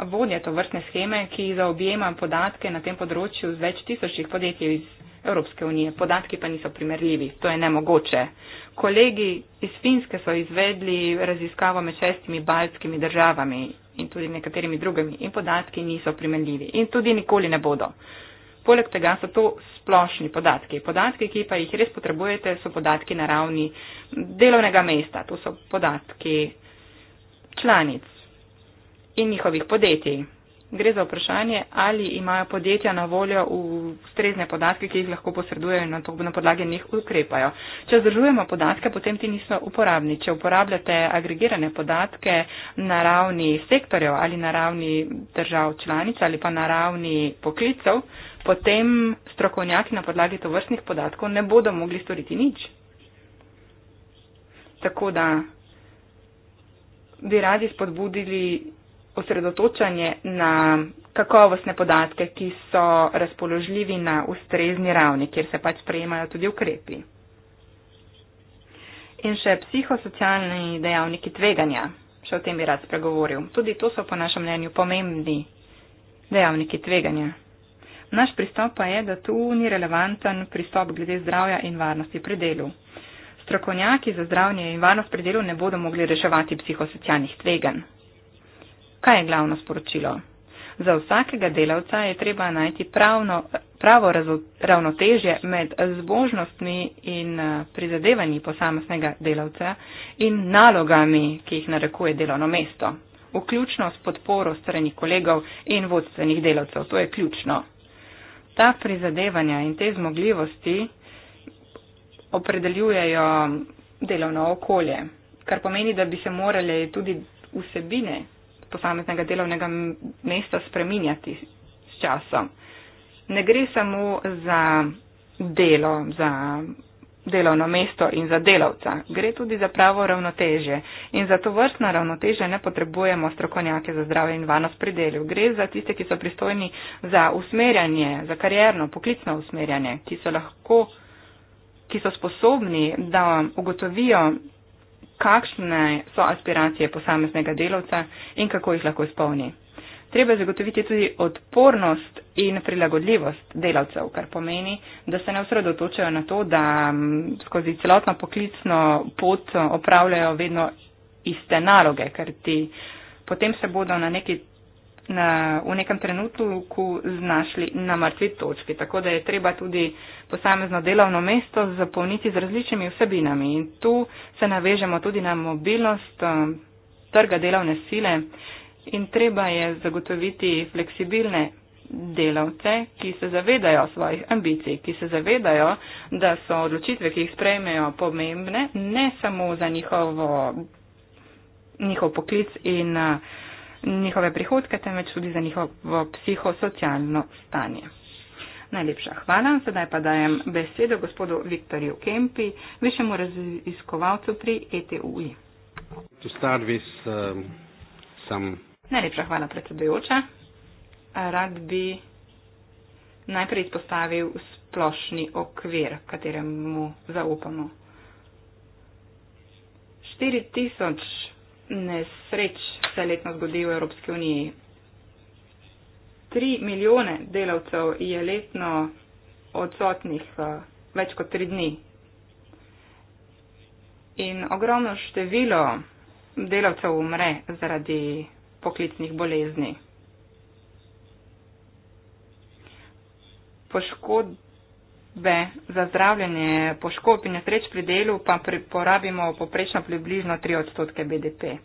vodja to vrstne scheme, ki zaobjema podatke na tem področju z več tisočih podjetij iz Evropske unije. Podatki pa niso primerljivi, to je nemogoče. Uh, Kolegi iz Finske so izvedli raziskavo med šestimi baltskimi državami in tudi nekaterimi drugimi in podatki niso primenljivi in tudi nikoli ne bodo. Poleg tega so to splošni podatki. Podatki, ki pa jih res potrebujete, so podatki na ravni delovnega mesta. To so podatki članic in njihovih podjetij gre za vprašanje, ali imajo podjetja na voljo ustrezne podatke, ki jih lahko posredujejo in na to na podlage njih ukrepajo. Če združujemo podatke, potem ti niso uporabni. Če uporabljate agregirane podatke na ravni sektorjev ali na ravni držav članic ali pa na ravni poklicov, potem strokovnjaki na podlagi tovrstnih podatkov ne bodo mogli storiti nič. Tako da bi radi spodbudili osredotočanje na kakovostne podatke, ki so razpoložljivi na ustrezni ravni, kjer se pač prejemajo tudi ukrepi. In še psihosocialni dejavniki tveganja, še o tem bi rad spregovoril. Tudi to so po našem mnenju pomembni dejavniki tveganja. Naš pristop pa je, da tu ni relevanten pristop glede zdravja in varnosti pri delu. Strokovnjaki za zdravje in varnost pri delu ne bodo mogli reševati psihosocialnih tveganj, Kaj je glavno sporočilo? Za vsakega delavca je treba najti pravno, pravo ravnotežje med zbožnostmi in prizadevanji posameznega delavca in nalogami, ki jih narekuje delovno mesto, vključno s podporo strani kolegov in vodstvenih delavcev. To je ključno. Ta prizadevanja in te zmogljivosti opredeljujejo delovno okolje, kar pomeni, da bi se morali tudi vsebine posameznega delovnega mesta spreminjati s časom. Ne gre samo za delo, za delovno mesto in za delavca. Gre tudi za pravo ravnoteže. In za to vrstno ravnoteže ne potrebujemo strokovnjake za zdravje in varnost pri delu. Gre za tiste, ki so pristojni za usmerjanje, za karjerno, poklicno usmerjanje, ki so lahko, ki so sposobni, da ugotovijo kakšne so aspiracije posameznega delavca in kako jih lahko izpolni. Treba zagotoviti tudi odpornost in prilagodljivost delavcev, kar pomeni, da se ne osredotočajo na to, da mm, skozi celotno poklicno pot opravljajo vedno iste naloge, ker ti potem se bodo na neki na, v nekem trenutku znašli na mrtvi točki. Tako da je treba tudi posamezno delovno mesto zapolniti z različnimi vsebinami. In tu se navežemo tudi na mobilnost um, trga delovne sile in treba je zagotoviti fleksibilne delavce, ki se zavedajo svojih ambicij, ki se zavedajo, da so odločitve, ki jih sprejmejo, pomembne ne samo za njihovo, njihov poklic in uh, njihove prihodke, temveč tudi za njihovo psihosocialno stanje. Najlepša hvala. Sedaj pa dajem besedo gospodu Viktorju Kempi, višjemu raziskovalcu pri ETUI. Um, Najlepša hvala, predsedujoča. Rad bi najprej izpostavil splošni okvir, kateremu zaupamo. 4000 nesreč se letno zgodi v Evropski uniji. 3 milijone delavcev je letno odsotnih eh, več kot 3 dni. In ogromno število delavcev umre zaradi poklicnih bolezni. Poškodbe za zdravljenje, poškodbe in nesreč pri delu pa porabimo poprečno približno 3 odstotke BDP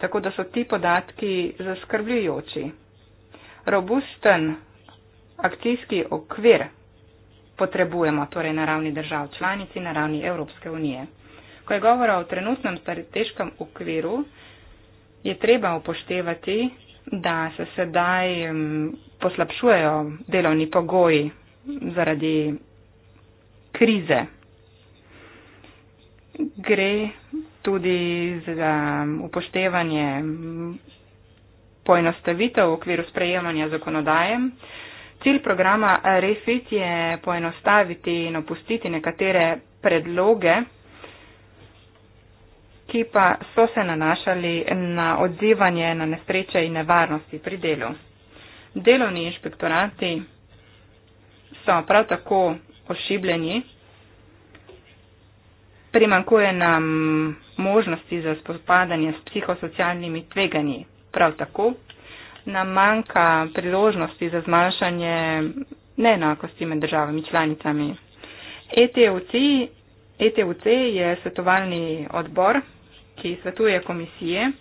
tako da so ti podatki zaskrbljujoči. Robusten akcijski okvir potrebujemo torej na ravni držav članic in na ravni Evropske unije. Ko je govora o trenutnem strateškem okviru, je treba upoštevati, da se sedaj mm, poslabšujejo delovni pogoji zaradi krize gre tudi za upoštevanje poenostavitev v okviru sprejemanja zakonodaje. Cilj programa REFIT je poenostaviti in opustiti nekatere predloge, ki pa so se nanašali na odzivanje na nesreče in nevarnosti pri delu. Delovni inšpektorati so prav tako ošibljeni primankuje nam možnosti za spopadanje s psihosocialnimi tveganji. Prav tako nam manjka priložnosti za zmanjšanje neenakosti med državami članicami. ETUC, ETUC je svetovalni odbor, ki svetuje komisije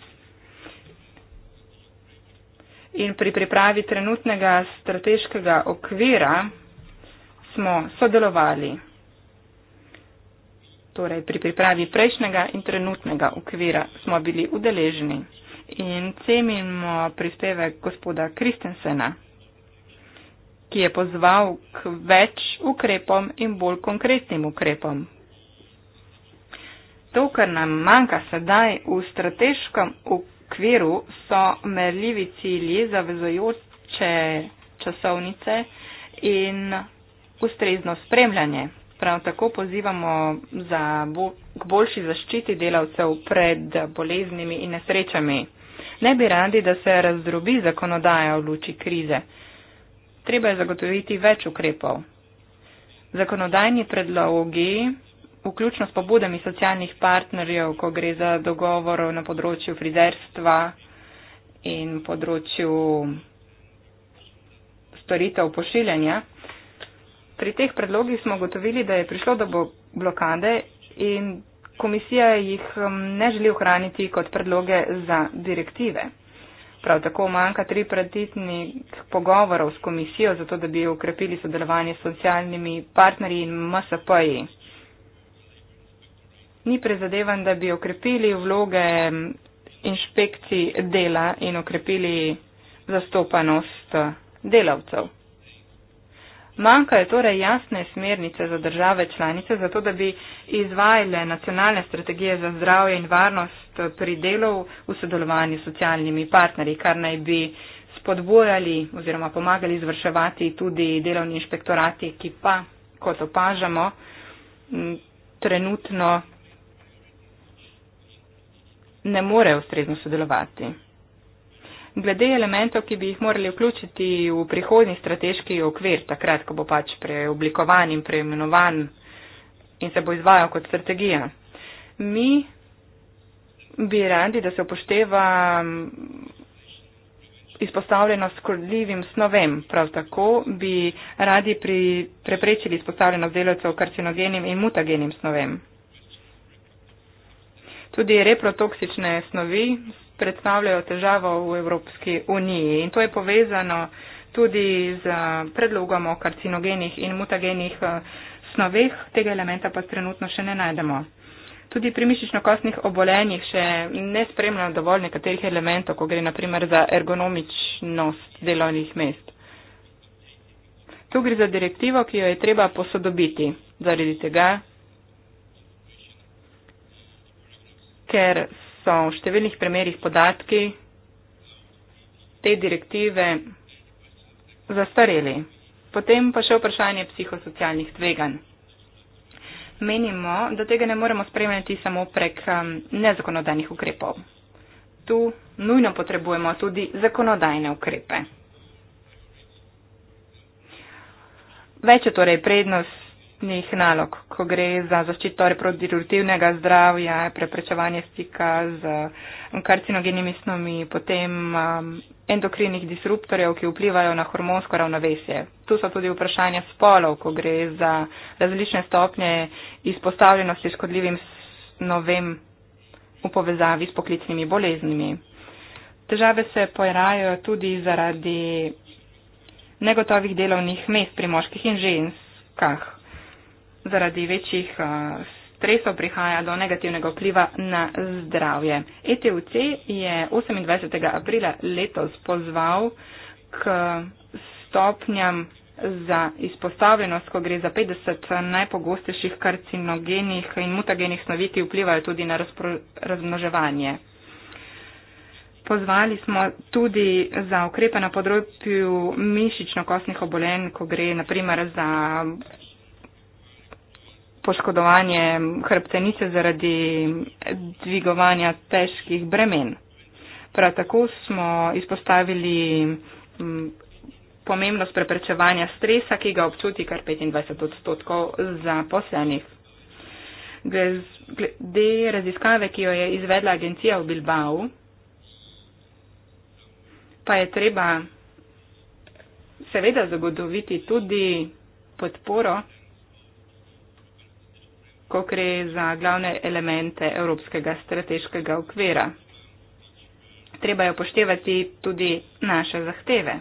in pri pripravi trenutnega strateškega okvira smo sodelovali torej pri pripravi prejšnjega in trenutnega ukvira smo bili udeleženi. In cenimo prispevek gospoda Kristensena, ki je pozval k več ukrepom in bolj konkretnim ukrepom. To, kar nam manjka sedaj v strateškem okviru, so merljivi cilji zavezojoče časovnice in ustrezno spremljanje. Prav tako pozivamo za bo, k boljši zaščiti delavcev pred boleznimi in nesrečami. Ne bi radi, da se razdrobi zakonodaja v luči krize. Treba je zagotoviti več ukrepov. Zakonodajni predlogi, vključno s pobudami socialnih partnerjev, ko gre za dogovor na področju frizerstva in področju storitev pošiljanja, pri teh predlogih smo gotovili, da je prišlo do blokade in komisija jih um, ne želi ohraniti kot predloge za direktive. Prav tako manjka tri predtitnih pogovorov s komisijo, zato da bi ukrepili sodelovanje s socialnimi partnerji in MSP-ji. Ni prezadevan, da bi ukrepili vloge um, inšpekcij dela in ukrepili zastopanost uh, delavcev. Manjkajo torej jasne smernice za države članice, zato da bi izvajale nacionalne strategije za zdravje in varnost pri delu v sodelovanju s socialnimi partnerji, kar naj bi spodbujali oziroma pomagali izvrševati tudi delovni inšpektorati, ki pa, kot opažamo, trenutno ne morejo ustrezno sodelovati glede elementov, ki bi jih morali vključiti v prihodni strateški okvir, takrat, ko bo pač preoblikovan in preimenovan in se bo izvajal kot strategija. Mi bi radi, da se upošteva izpostavljenost škodljivim snovem. Prav tako bi radi pri, preprečili izpostavljenost delavcev karcinogenim in mutagenim snovem. Tudi reprotoksične snovi predstavljajo težavo v Evropski uniji. In to je povezano tudi z predlogom o karcinogenih in mutagenih eh, snoveh, tega elementa pa trenutno še ne najdemo. Tudi pri mišično-kostnih obolenjih še ne spremljajo dovolj nekaterih elementov, ko gre naprimer za ergonomičnost delovnih mest. Tu gre za direktivo, ki jo je treba posodobiti zaradi tega, ker so v številnih primerjih podatki te direktive zastareli. Potem pa še vprašanje psihosocialnih tveganj. Menimo, da tega ne moremo spremljati samo prek um, nezakonodajnih ukrepov. Tu nujno potrebujemo tudi zakonodajne ukrepe. Več je torej prednost skupnih nalog, ko gre za zaščito reproduktivnega zdravja, preprečevanje stika z mm, karcinogenimi snovmi, potem um, endokrinih disruptorjev, ki vplivajo na hormonsko ravnovesje. Tu so tudi vprašanja spolov, ko gre za različne stopnje izpostavljenosti škodljivim snovem v povezavi s poklicnimi boleznimi. Težave se pojavljajo tudi zaradi negotovih delovnih mest pri moških in ženskah zaradi večjih eh, stresov prihaja do negativnega vpliva na zdravje. ETUC je 28. aprila letos pozval k stopnjam za izpostavljenost, ko gre za 50 najpogostejših karcinogenih in mutagenih snovi, ki vplivajo tudi na razmnoževanje. Pozvali smo tudi za ukrepe na področju mišično-kostnih obolenj, ko gre naprimer za poškodovanje hrbtenice zaradi dvigovanja težkih bremen. Prav tako smo izpostavili mm, pomembnost preprečevanja stresa, ki ga občuti kar 25 odstotkov zaposlenih. Glede raziskave, ki jo je izvedla agencija v Bilbao, pa je treba seveda zagotoviti tudi podporo ko gre za glavne elemente evropskega strateškega okvira. Treba je upoštevati tudi naše zahteve.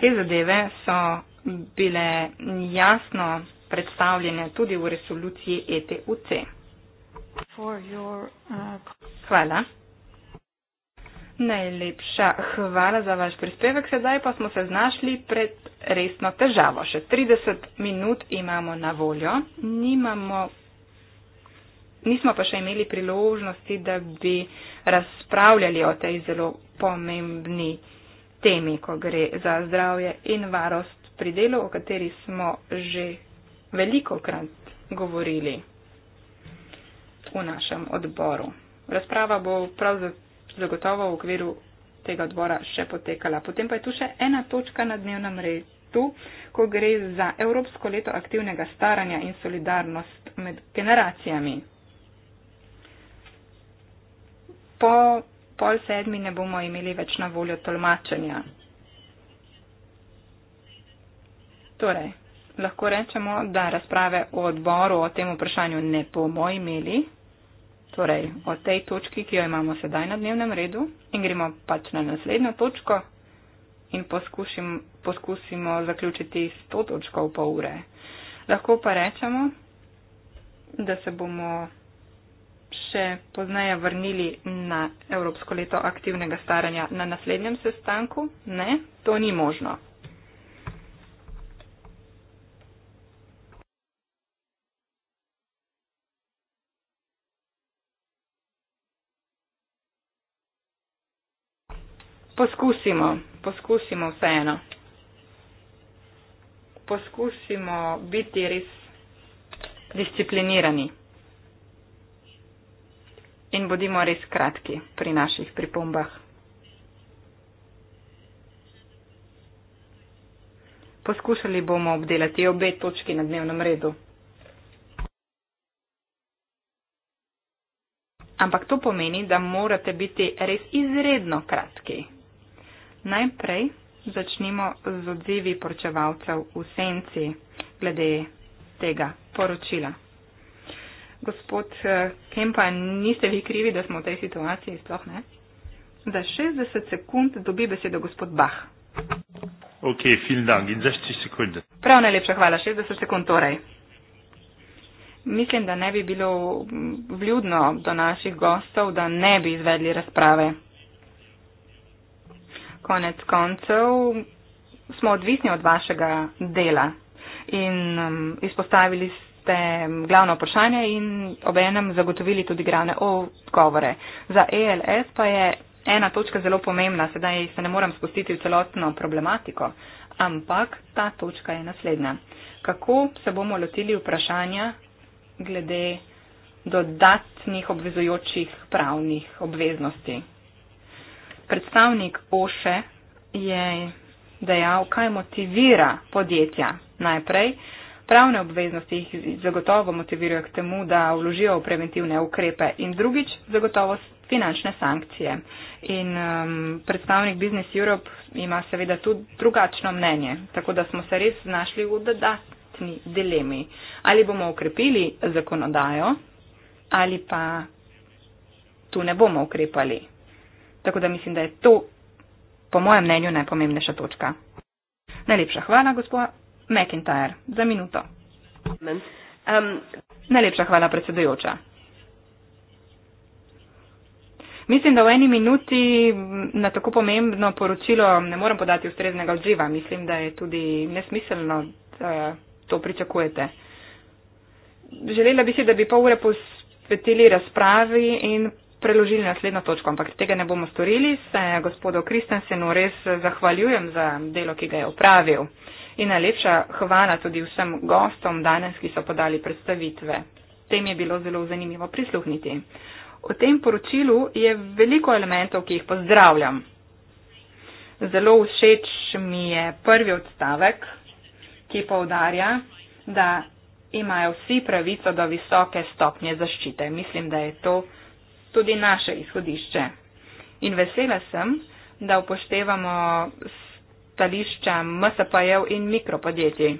Te zadeve so bile jasno predstavljene tudi v resoluciji ETUC. Uh, Hvala. Najlepša hvala za vaš prispevek. Sedaj pa smo se znašli pred resno težavo. Še 30 minut imamo na voljo. Nimamo, nismo pa še imeli priložnosti, da bi razpravljali o tej zelo pomembni temi, ko gre za zdravje in varost pri delu, o kateri smo že veliko krat govorili v našem odboru. Razprava bo pravzaprav zagotovo v okviru tega odbora še potekala. Potem pa je tu še ena točka na dnevnem redu, ko gre za Evropsko leto aktivnega staranja in solidarnost med generacijami. Po pol sedmi ne bomo imeli več na voljo tolmačenja. Torej, lahko rečemo, da razprave v odboru o tem vprašanju ne bomo imeli. Torej, o tej točki, ki jo imamo sedaj na dnevnem redu in gremo pač na naslednjo točko in poskušim, poskusimo zaključiti s to točko v pol ure. Lahko pa rečemo, da se bomo še pozneje vrnili na Evropsko leto aktivnega staranja na naslednjem sestanku. Ne, to ni možno. Poskusimo, poskusimo vseeno. Poskusimo biti res disciplinirani in bodimo res kratki pri naših pripombah. Poskušali bomo obdelati obe točki na dnevnem redu. Ampak to pomeni, da morate biti res izredno kratki. Najprej začnimo z odzivi poročevalcev v senci glede tega poročila. Gospod eh, Kempa, niste vi krivi, da smo v tej situaciji, sploh ne? Za 60 sekund dobi besedo gospod Bach. Ok, vielen Dank in 60 sekund. Prav najlepša hvala, 60 sekund torej. Mislim, da ne bi bilo mm, vljudno do naših gostov, da ne bi izvedli razprave konec koncev smo odvisni od vašega dela in um, izpostavili ste um, glavno vprašanje in obenem zagotovili tudi glavne odgovore. Za ELS pa je ena točka zelo pomembna, sedaj se ne moram spustiti v celotno problematiko, ampak ta točka je naslednja. Kako se bomo lotili vprašanja glede dodatnih obvezujočih pravnih obveznosti? Predstavnik OŠE je dejal, kaj motivira podjetja najprej. Pravne obveznosti jih zagotovo motivirajo k temu, da vložijo v preventivne ukrepe in drugič zagotovo finančne sankcije. In um, predstavnik Business Europe ima seveda tudi drugačno mnenje, tako da smo se res znašli v dodatni dilemi. Ali bomo ukrepili zakonodajo ali pa tu ne bomo ukrepali. Tako da mislim, da je to, po mojem mnenju, najpomembnejša točka. Najlepša hvala, gospod McIntyre, za minuto. Um, Najlepša hvala, predsedujoča. Mislim, da v eni minuti na tako pomembno poročilo ne morem podati ustreznega odziva. Mislim, da je tudi nesmiselno, da to pričakujete. Želela bi si, da bi pol ure posvetili razpravi in preložili naslednjo točko, ampak tega ne bomo storili. Se gospodu Kristensenu res zahvaljujem za delo, ki ga je opravil. In najlepša hvala tudi vsem gostom danes, ki so podali predstavitve. Tem je bilo zelo zanimivo prisluhniti. V tem poročilu je veliko elementov, ki jih pozdravljam. Zelo všeč mi je prvi odstavek, ki povdarja, da imajo vsi pravico do visoke stopnje zaščite. Mislim, da je to tudi naše izhodišče. In vesela sem, da upoštevamo stališča MSP-jev in mikropodjetij.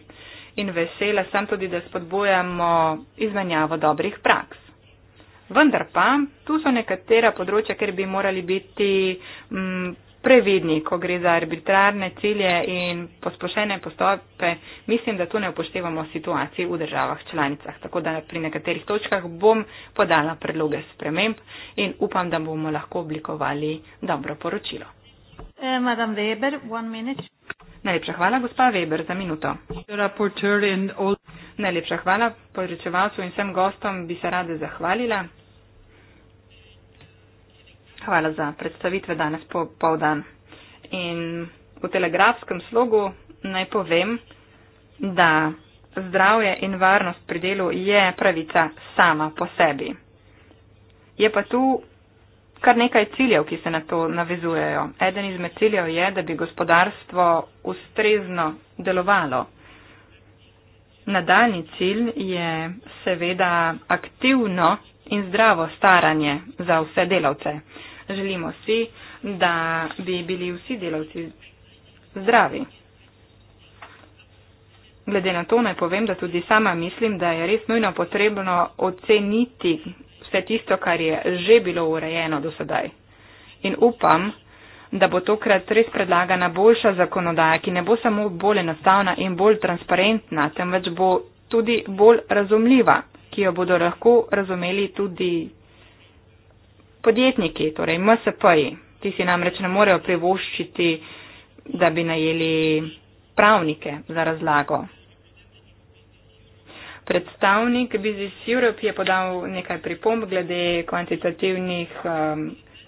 In vesela sem tudi, da spodbujamo izmenjavo dobrih praks. Vendar pa, tu so nekatera področja, kjer bi morali biti m, mm, previdni, ko gre za arbitrarne cilje in posplošene postope, mislim, da tu ne upoštevamo situacije v državah članicah. Tako da pri nekaterih točkah bom podala predloge sprememb in upam, da bomo lahko oblikovali dobro poročilo. Eh, madam Weber, one minute. Najlepša hvala, gospa Weber, za minuto. Najlepša hvala poročevalcu in vsem gostom bi se rada zahvalila hvala za predstavitve danes po povdan. In v telegrafskem slogu naj povem, da zdravje in varnost pri delu je pravica sama po sebi. Je pa tu kar nekaj ciljev, ki se na to navezujejo. Eden izmed ciljev je, da bi gospodarstvo ustrezno delovalo. Nadaljni cilj je seveda aktivno in zdravo staranje za vse delavce. Želimo si, da bi bili vsi delavci zdravi. Glede na to naj povem, da tudi sama mislim, da je res nujno potrebno oceniti vse tisto, kar je že bilo urejeno do sedaj. In upam, da bo tokrat res predlagana boljša zakonodaja, ki ne bo samo bolj enostavna in bolj transparentna, temveč bo tudi bolj razumljiva, ki jo bodo lahko razumeli tudi podjetniki, torej MSP-ji, ti si namreč ne morejo privoščiti, da bi najeli pravnike za razlago. Predstavnik Business Europe je podal nekaj pripomb glede kvantitativnih um,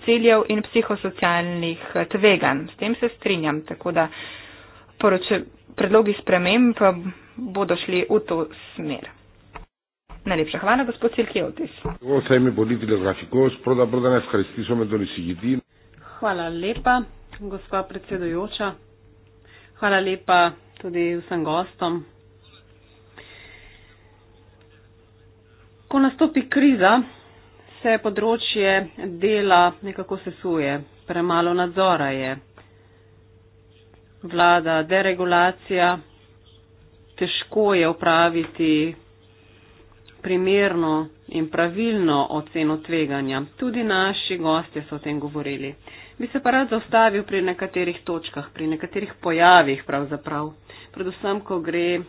ciljev in psihosocialnih uh, tvegan. S tem se strinjam, tako da poroče, predlogi sprememb uh, bodo šli v to smer. Najlepša hvala, gospod Silkevtis. Hvala lepa, gospa predsedujoča. Hvala lepa tudi vsem gostom. Ko nastopi kriza, se področje dela nekako sesuje, premalo nadzora je. Vlada deregulacija, težko je upraviti primerno in pravilno oceno tveganja. Tudi naši gostje so o tem govorili. Bi se pa rad zaustavil pri nekaterih točkah, pri nekaterih pojavih pravzaprav. Predvsem, ko gre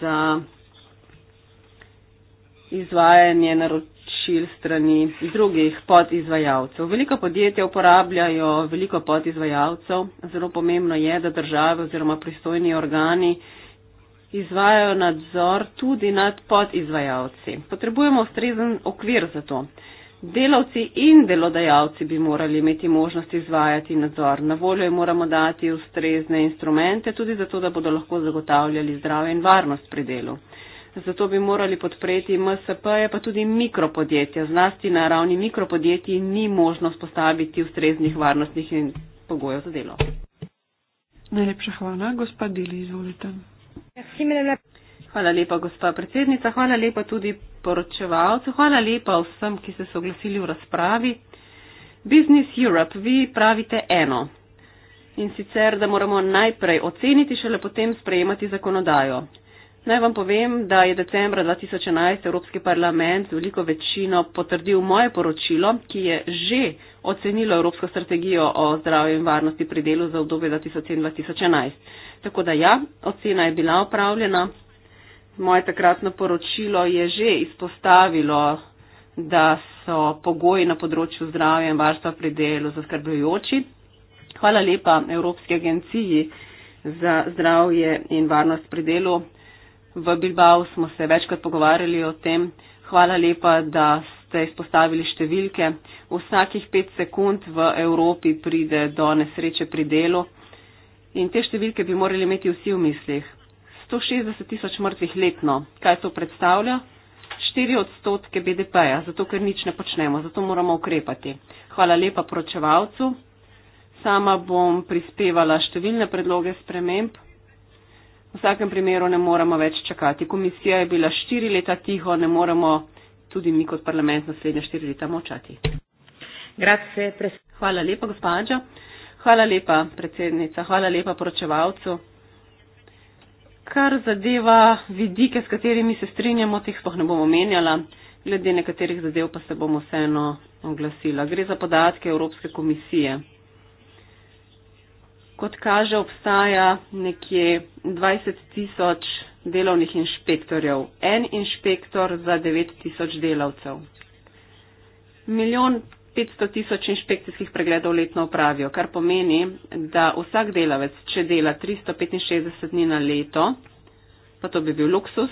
za izvajanje naročil strani drugih podizvajalcev. Veliko podjetja uporabljajo veliko podizvajalcev. Zelo pomembno je, da države oziroma pristojni organi izvajajo nadzor tudi nad podizvajalci. Potrebujemo ustrezen okvir za to. Delavci in delodajalci bi morali imeti možnost izvajati nadzor. Na voljo jim moramo dati ustrezne instrumente, tudi zato, da bodo lahko zagotavljali zdravje in varnost pri delu. Zato bi morali podpreti MSP-je, pa tudi mikropodjetja. Zlasti na ravni mikropodjetij ni možnost postaviti ustreznih varnostnih in pogojev za delo. Najlepša hvala, gospod Dili, izvolite. Hvala lepa, gospa predsednica. Hvala lepa tudi poročevalcu. Hvala lepa vsem, ki ste se oglasili v razpravi. Business Europe, vi pravite eno. In sicer, da moramo najprej oceniti, šele potem sprejemati zakonodajo. Naj vam povem, da je decembra 2011 Evropski parlament z veliko večino potrdil moje poročilo, ki je že ocenilo Evropsko strategijo o zdravju in varnosti pri delu za obdobje 2007-2011. Tako da ja, ocena je bila opravljena. Moje takratno poročilo je že izpostavilo, da so pogoji na področju zdravja in varstva pri delu zaskrbljujoči. Hvala lepa Evropski agenciji za zdravje in varnost pri delu v Bilbao, smo se večkrat pogovarjali o tem. Hvala lepa, da ste izpostavili številke. Vsakih pet sekund v Evropi pride do nesreče pri delu in te številke bi morali imeti vsi v mislih. 160 tisoč mrtvih letno, kaj to predstavlja? 4 odstotke BDP-ja, zato ker nič ne počnemo, zato moramo ukrepati. Hvala lepa poročevalcu. Sama bom prispevala številne predloge sprememb. V vsakem primeru ne moramo več čakati. Komisija je bila štiri leta tiho, ne moremo tudi mi kot parlament naslednje štiri leta močati. Hvala lepa, gospodža. Hvala lepa, predsednica. Hvala lepa, poročevalcu. Kar zadeva vidike, s katerimi se strinjamo, teh sploh ne bomo menjala, glede nekaterih zadev pa se bomo vseeno oglasila. Gre za podatke Evropske komisije kot kaže, obstaja nekje 20 tisoč delovnih inšpektorjev, en inšpektor za 9 tisoč delavcev. Milijon 500 tisoč inšpekcijskih pregledov letno opravijo, kar pomeni, da vsak delavec, če dela 365 dni na leto, pa to bi bil luksus,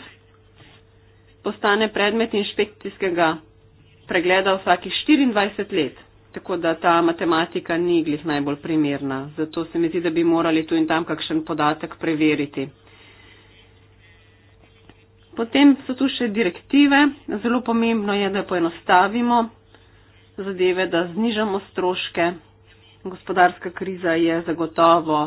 postane predmet inšpekcijskega pregleda vsakih 24 let. Tako da ta matematika ni glih najbolj primerna. Zato se mi zdi, da bi morali tu in tam kakšen podatek preveriti. Potem so tu še direktive. Zelo pomembno je, da poenostavimo zadeve, da znižamo stroške. Gospodarska kriza je zagotovo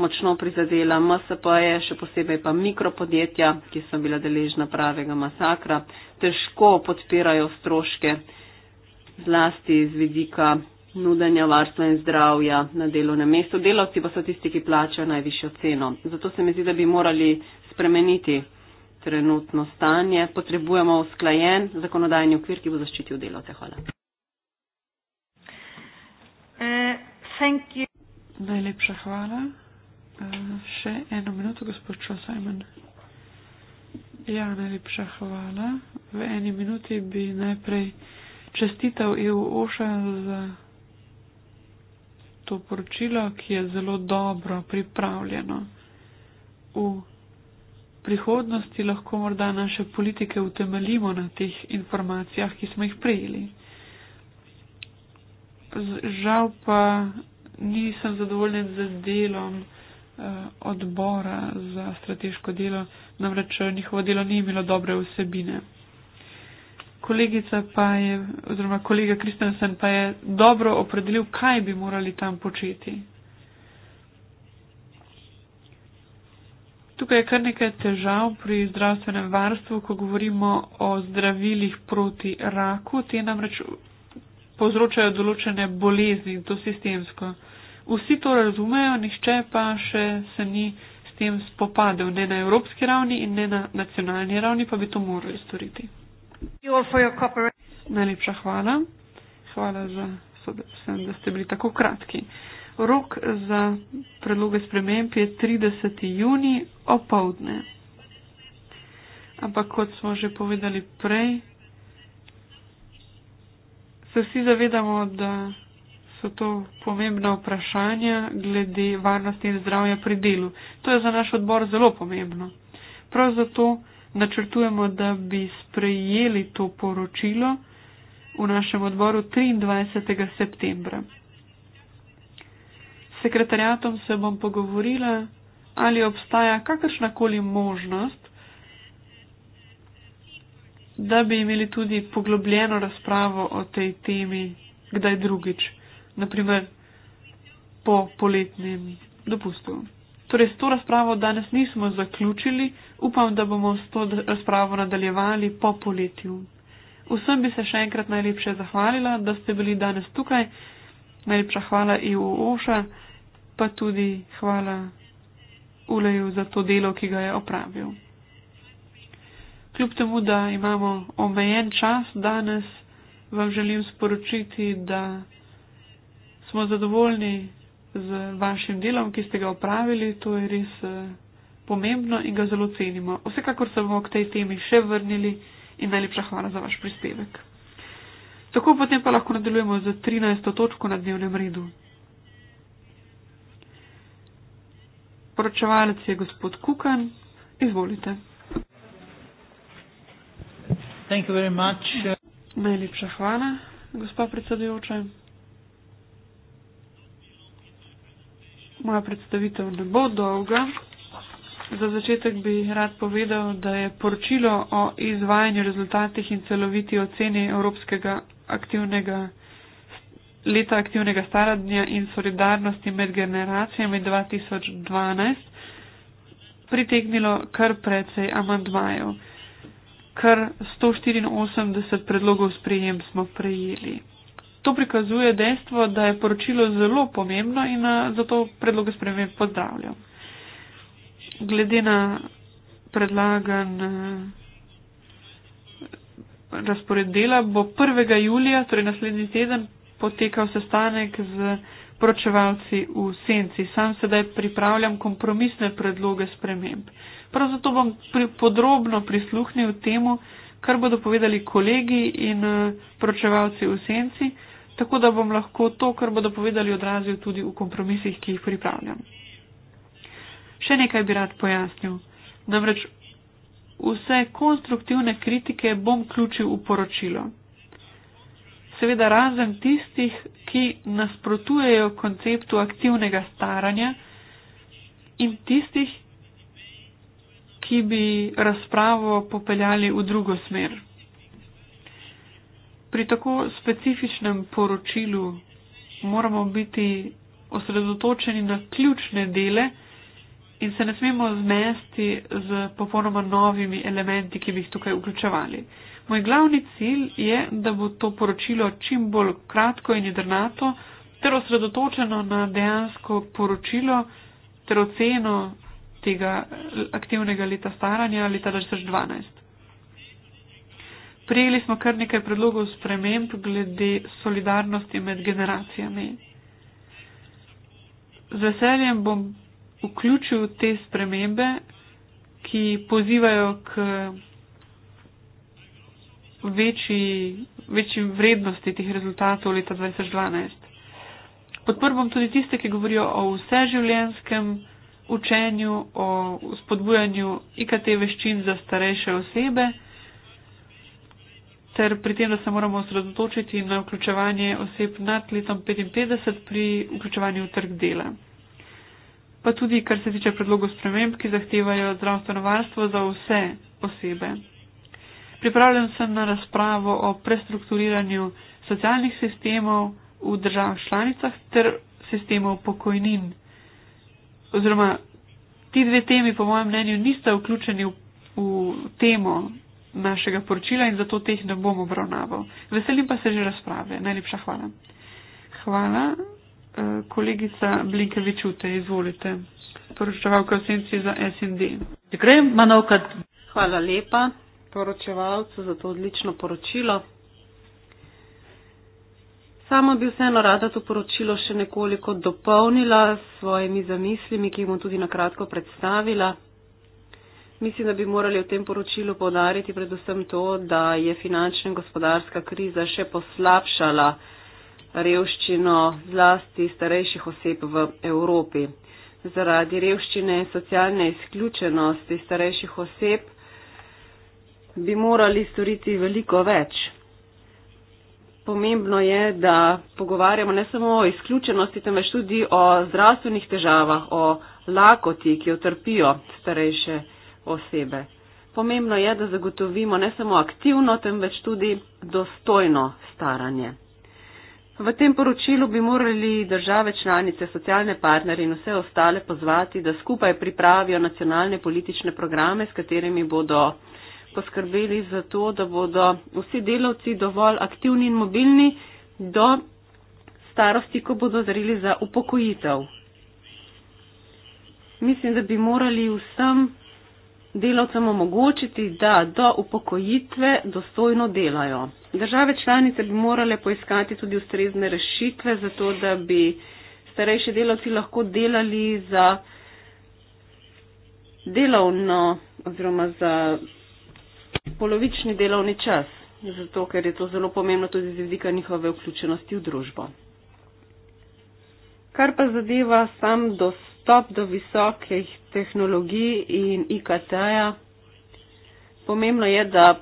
močno prizadela MSP-je, še posebej pa mikropodjetja, ki so bila deležna pravega masakra. Težko podpirajo stroške zlasti z vidika nudenja varstva in zdravja na delovnem mestu. Delavci pa so tisti, ki plačajo najvišjo ceno. Zato se mi zdi, da bi morali spremeniti trenutno stanje. Potrebujemo usklajen zakonodajni okvir, ki bo zaščitil delavce. Hvala. Uh, Najlepša hvala. Uh, še eno minuto, gospod Čosajman. Ja, najlepša hvala. V eni minuti bi najprej čestitev EU Ocean za to poročilo, ki je zelo dobro pripravljeno. V prihodnosti lahko morda naše politike utemeljimo na teh informacijah, ki smo jih prejeli. Žal pa nisem zadovoljen z delom eh, odbora za strateško delo, namreč eh, njihovo delo ni imelo dobre vsebine kolegica pa je, oziroma kolega Kristensen pa je dobro opredelil, kaj bi morali tam početi. Tukaj je kar nekaj težav pri zdravstvenem varstvu, ko govorimo o zdravilih proti raku. Te namreč povzročajo določene bolezni, to sistemsko. Vsi to razumejo, nihče pa še se ni s tem spopadel, ne na evropski ravni in ne na nacionalni ravni, pa bi to morali storiti. Najlepša hvala. Hvala, za, vsem, da ste bili tako kratki. Rok za predloge sprememb je 30. juni opovdne. Ampak kot smo že povedali prej, se vsi zavedamo, da so to pomembna vprašanja glede varnosti in zdravja pri delu. To je za naš odbor zelo pomembno. Prav zato, načrtujemo, da bi sprejeli to poročilo v našem odboru 23. septembra. Sekretarjatom se bom pogovorila, ali obstaja kakršnakoli možnost, da bi imeli tudi poglobljeno razpravo o tej temi kdaj drugič, naprimer po poletnem dopustu. Torej, s to razpravo danes nismo zaključili. Upam, da bomo s to razpravo nadaljevali po poletju. Vsem bi se še enkrat najlepše zahvalila, da ste bili danes tukaj. Najlepša hvala EU Oša, pa tudi hvala Uleju za to delo, ki ga je opravil. Kljub temu, da imamo omejen čas danes, vam želim sporočiti, da smo zadovoljni z vašim delom, ki ste ga opravili. To je res eh, pomembno in ga zelo cenimo. Vsekakor se bomo k tej temi še vrnili in najlepša hvala za vaš prispevek. Tako potem pa lahko nadaljujemo z 13. točko na dnevnem redu. Poročevalec je gospod Kukan. Izvolite. Najlepša hvala, gospod predsedujoča. Moja predstavitev ne bo dolga. Za začetek bi rad povedal, da je poročilo o izvajanju rezultatih in celoviti oceni Evropskega aktivnega, leta aktivnega staradnja in solidarnosti med generacijami 2012 pritegnilo kar precej amandmajev. Kar 184 predlogov sprejem smo prejeli. To prikazuje dejstvo, da je poročilo zelo pomembno in eh, zato predloge spremem pozdravljam. Glede na predlagan eh, razpored dela bo 1. julija, torej naslednji teden, potekal sestanek z poročevalci v senci. Sam sedaj pripravljam kompromisne predloge sprememb. Prav zato bom pri, podrobno prisluhnil temu, kar bodo povedali kolegi in eh, poročevalci v senci tako da bom lahko to, kar bodo povedali, odrazil tudi v kompromisih, ki jih pripravljam. Še nekaj bi rad pojasnil. Namreč vse konstruktivne kritike bom vključil v poročilo. Seveda razen tistih, ki nasprotujejo konceptu aktivnega staranja in tistih, ki bi razpravo popeljali v drugo smer pri tako specifičnem poročilu moramo biti osredotočeni na ključne dele in se ne smemo zmesti z popolnoma novimi elementi, ki bi jih tukaj vključevali. Moj glavni cilj je, da bo to poročilo čim bolj kratko in jedrnato ter osredotočeno na dejansko poročilo ter oceno tega eh, aktivnega leta staranja leta 2012. Prijeli smo kar nekaj predlogov sprememb glede solidarnosti med generacijami. Z veseljem bom vključil te spremembe, ki pozivajo k večji, večji vrednosti teh rezultatov leta 2012. Podprl bom tudi tiste, ki govorijo o vseživljenskem učenju, o spodbujanju IKT veščin za starejše osebe ter pri tem, da se moramo osredotočiti na vključevanje oseb nad letom 55 pri vključevanju v trg dela. Pa tudi, kar se tiče predlogov sprememb, ki zahtevajo zdravstveno varstvo za vse osebe. Pripravljam se na razpravo o prestrukturiranju socialnih sistemov v državah članicah ter sistemov pokojnin. Oziroma, ti dve temi, po mojem mnenju, nista vključeni v, v temo našega poročila in zato teh ne bom obravnaval. Veselim pa se že razprave. Najlepša hvala. Hvala. Eh, kolegica Blinkevič, ute, izvolite. Poročevalka v senci za SND. Grem, manovka. Hvala lepa poročevalcu za to odlično poročilo. Sama bi vseeno rada to poročilo še nekoliko dopolnila s svojimi zamislimi, ki jih bom tudi na kratko predstavila. Mislim, da bi morali v tem poročilu podariti predvsem to, da je finančna in gospodarska kriza še poslabšala revščino zlasti starejših oseb v Evropi. Zaradi revščine in socialne izključenosti starejših oseb bi morali storiti veliko več. Pomembno je, da pogovarjamo ne samo o izključenosti, temveč tudi o zdravstvenih težavah, o lakoti, ki jo trpijo starejše osebe osebe. Pomembno je, da zagotovimo ne samo aktivno, temveč tudi dostojno staranje. V tem poročilu bi morali države članice, socialne partnerje in vse ostale pozvati, da skupaj pripravijo nacionalne politične programe, s katerimi bodo poskrbeli za to, da bodo vsi delavci dovolj aktivni in mobilni do starosti, ko bodo zreli za upokojitev. Mislim, da bi morali vsem delavcem omogočiti, da do upokojitve dostojno delajo. Države članice bi morale poiskati tudi ustrezne rešitve, zato da bi starejši delavci lahko delali za delovno oziroma za polovični delovni čas, zato ker je to zelo pomembno tudi z vidika njihove vključenosti v družbo. Kar pa zadeva sam dostop, dostop do visokih tehnologij in IKT-ja. Pomembno je, da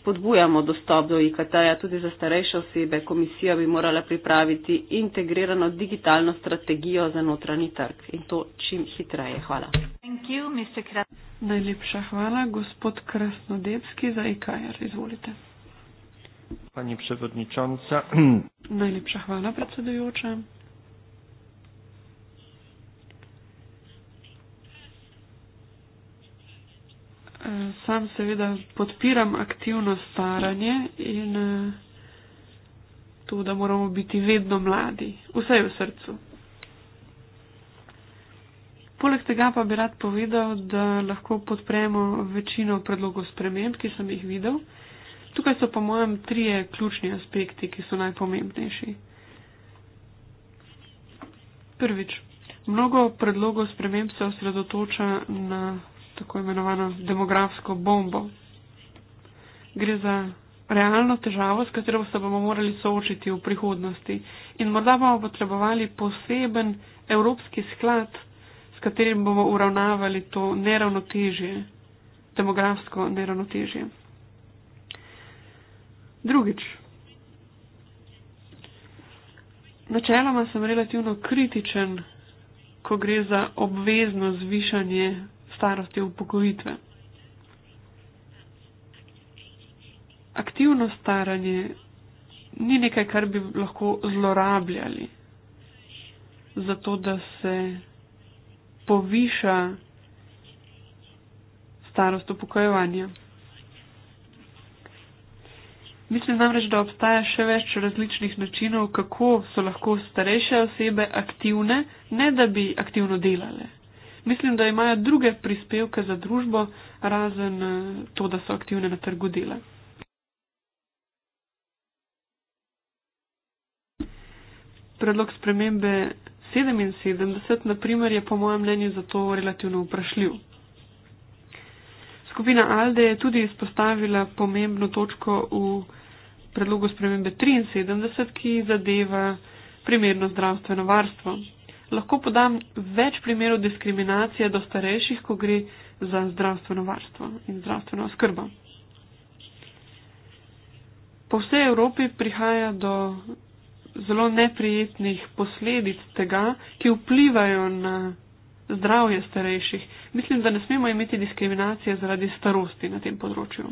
spodbujamo dostop do IKT-ja tudi za starejše osebe. Komisija bi morala pripraviti integrirano digitalno strategijo za notranji trg in to čim hitreje. Hvala. You, Najlepša hvala, gospod Krasnodebski za IKR. Izvolite. Pani predsednica. Najlepša hvala, predsedujoča. Sam seveda podpiram aktivno staranje in eh, to, da moramo biti vedno mladi, vse v srcu. Poleg tega pa bi rad povedal, da lahko podpremo večino predlogov sprememb, ki sem jih videl. Tukaj so po mojem trije ključni aspekti, ki so najpomembnejši. Prvič, mnogo predlogov sprememb se osredotoča na tako imenovano demografsko bombo. Gre za realno težavo, s katero se bomo morali soočiti v prihodnosti in morda bomo potrebovali poseben evropski sklad, s katerim bomo uravnavali to neravnotežje, demografsko neravnotežje. Drugič. Načeloma sem relativno kritičen, ko gre za obvezno zvišanje starosti upokojitve. Aktivno staranje ni nekaj, kar bi lahko zlorabljali, zato da se poviša starost upokojevanja. Mislim namreč, da obstaja še več različnih načinov, kako so lahko starejše osebe aktivne, ne da bi aktivno delale mislim, da imajo druge prispevke za družbo, razen eh, to, da so aktivne na trgu dela. Predlog spremembe 77 naprimer je po mojem mnenju zato relativno vprašljiv. Skupina Alde je tudi izpostavila pomembno točko v predlogu spremembe 73, ki zadeva primerno zdravstveno varstvo lahko podam več primerov diskriminacije do starejših, ko gre za zdravstveno varstvo in zdravstveno oskrbo. Po vsej Evropi prihaja do zelo neprijetnih posledic tega, ki vplivajo na zdravje starejših. Mislim, da ne smemo imeti diskriminacije zaradi starosti na tem področju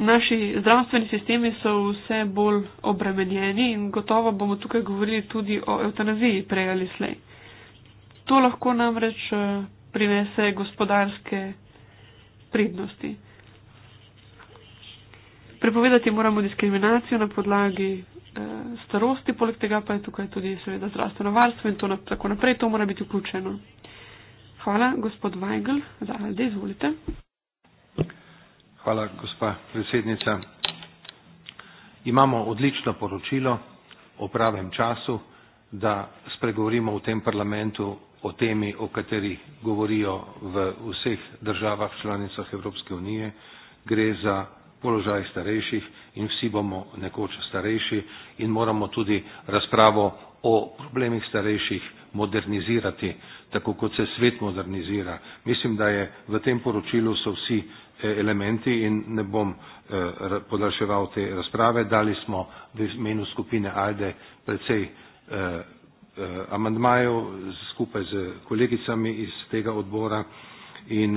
naši zdravstveni sistemi so vse bolj obremenjeni in gotovo bomo tukaj govorili tudi o eutanaziji prej ali slej. To lahko namreč eh, prinese gospodarske pridnosti. Prepovedati moramo diskriminacijo na podlagi eh, starosti, poleg tega pa je tukaj tudi seveda zdravstveno varstvo in tako naprej, to mora biti vključeno. Hvala, gospod Weigl, zaradi, izvolite. Hvala, gospa predsednica. Imamo odlično poročilo o pravem času, da spregovorimo v tem parlamentu o temi, o kateri govorijo v vseh državah članicah Evropske unije. Gre za položaj starejših in vsi bomo nekoč starejši in moramo tudi razpravo o problemih starejših modernizirati, tako kot se svet modernizira. Mislim, da je v tem poročilu so vsi Eh, elementi in ne bom eh, podaljševal te razprave. Dali smo v imenu skupine Alde precej eh, amandmajev skupaj z kolegicami iz tega odbora in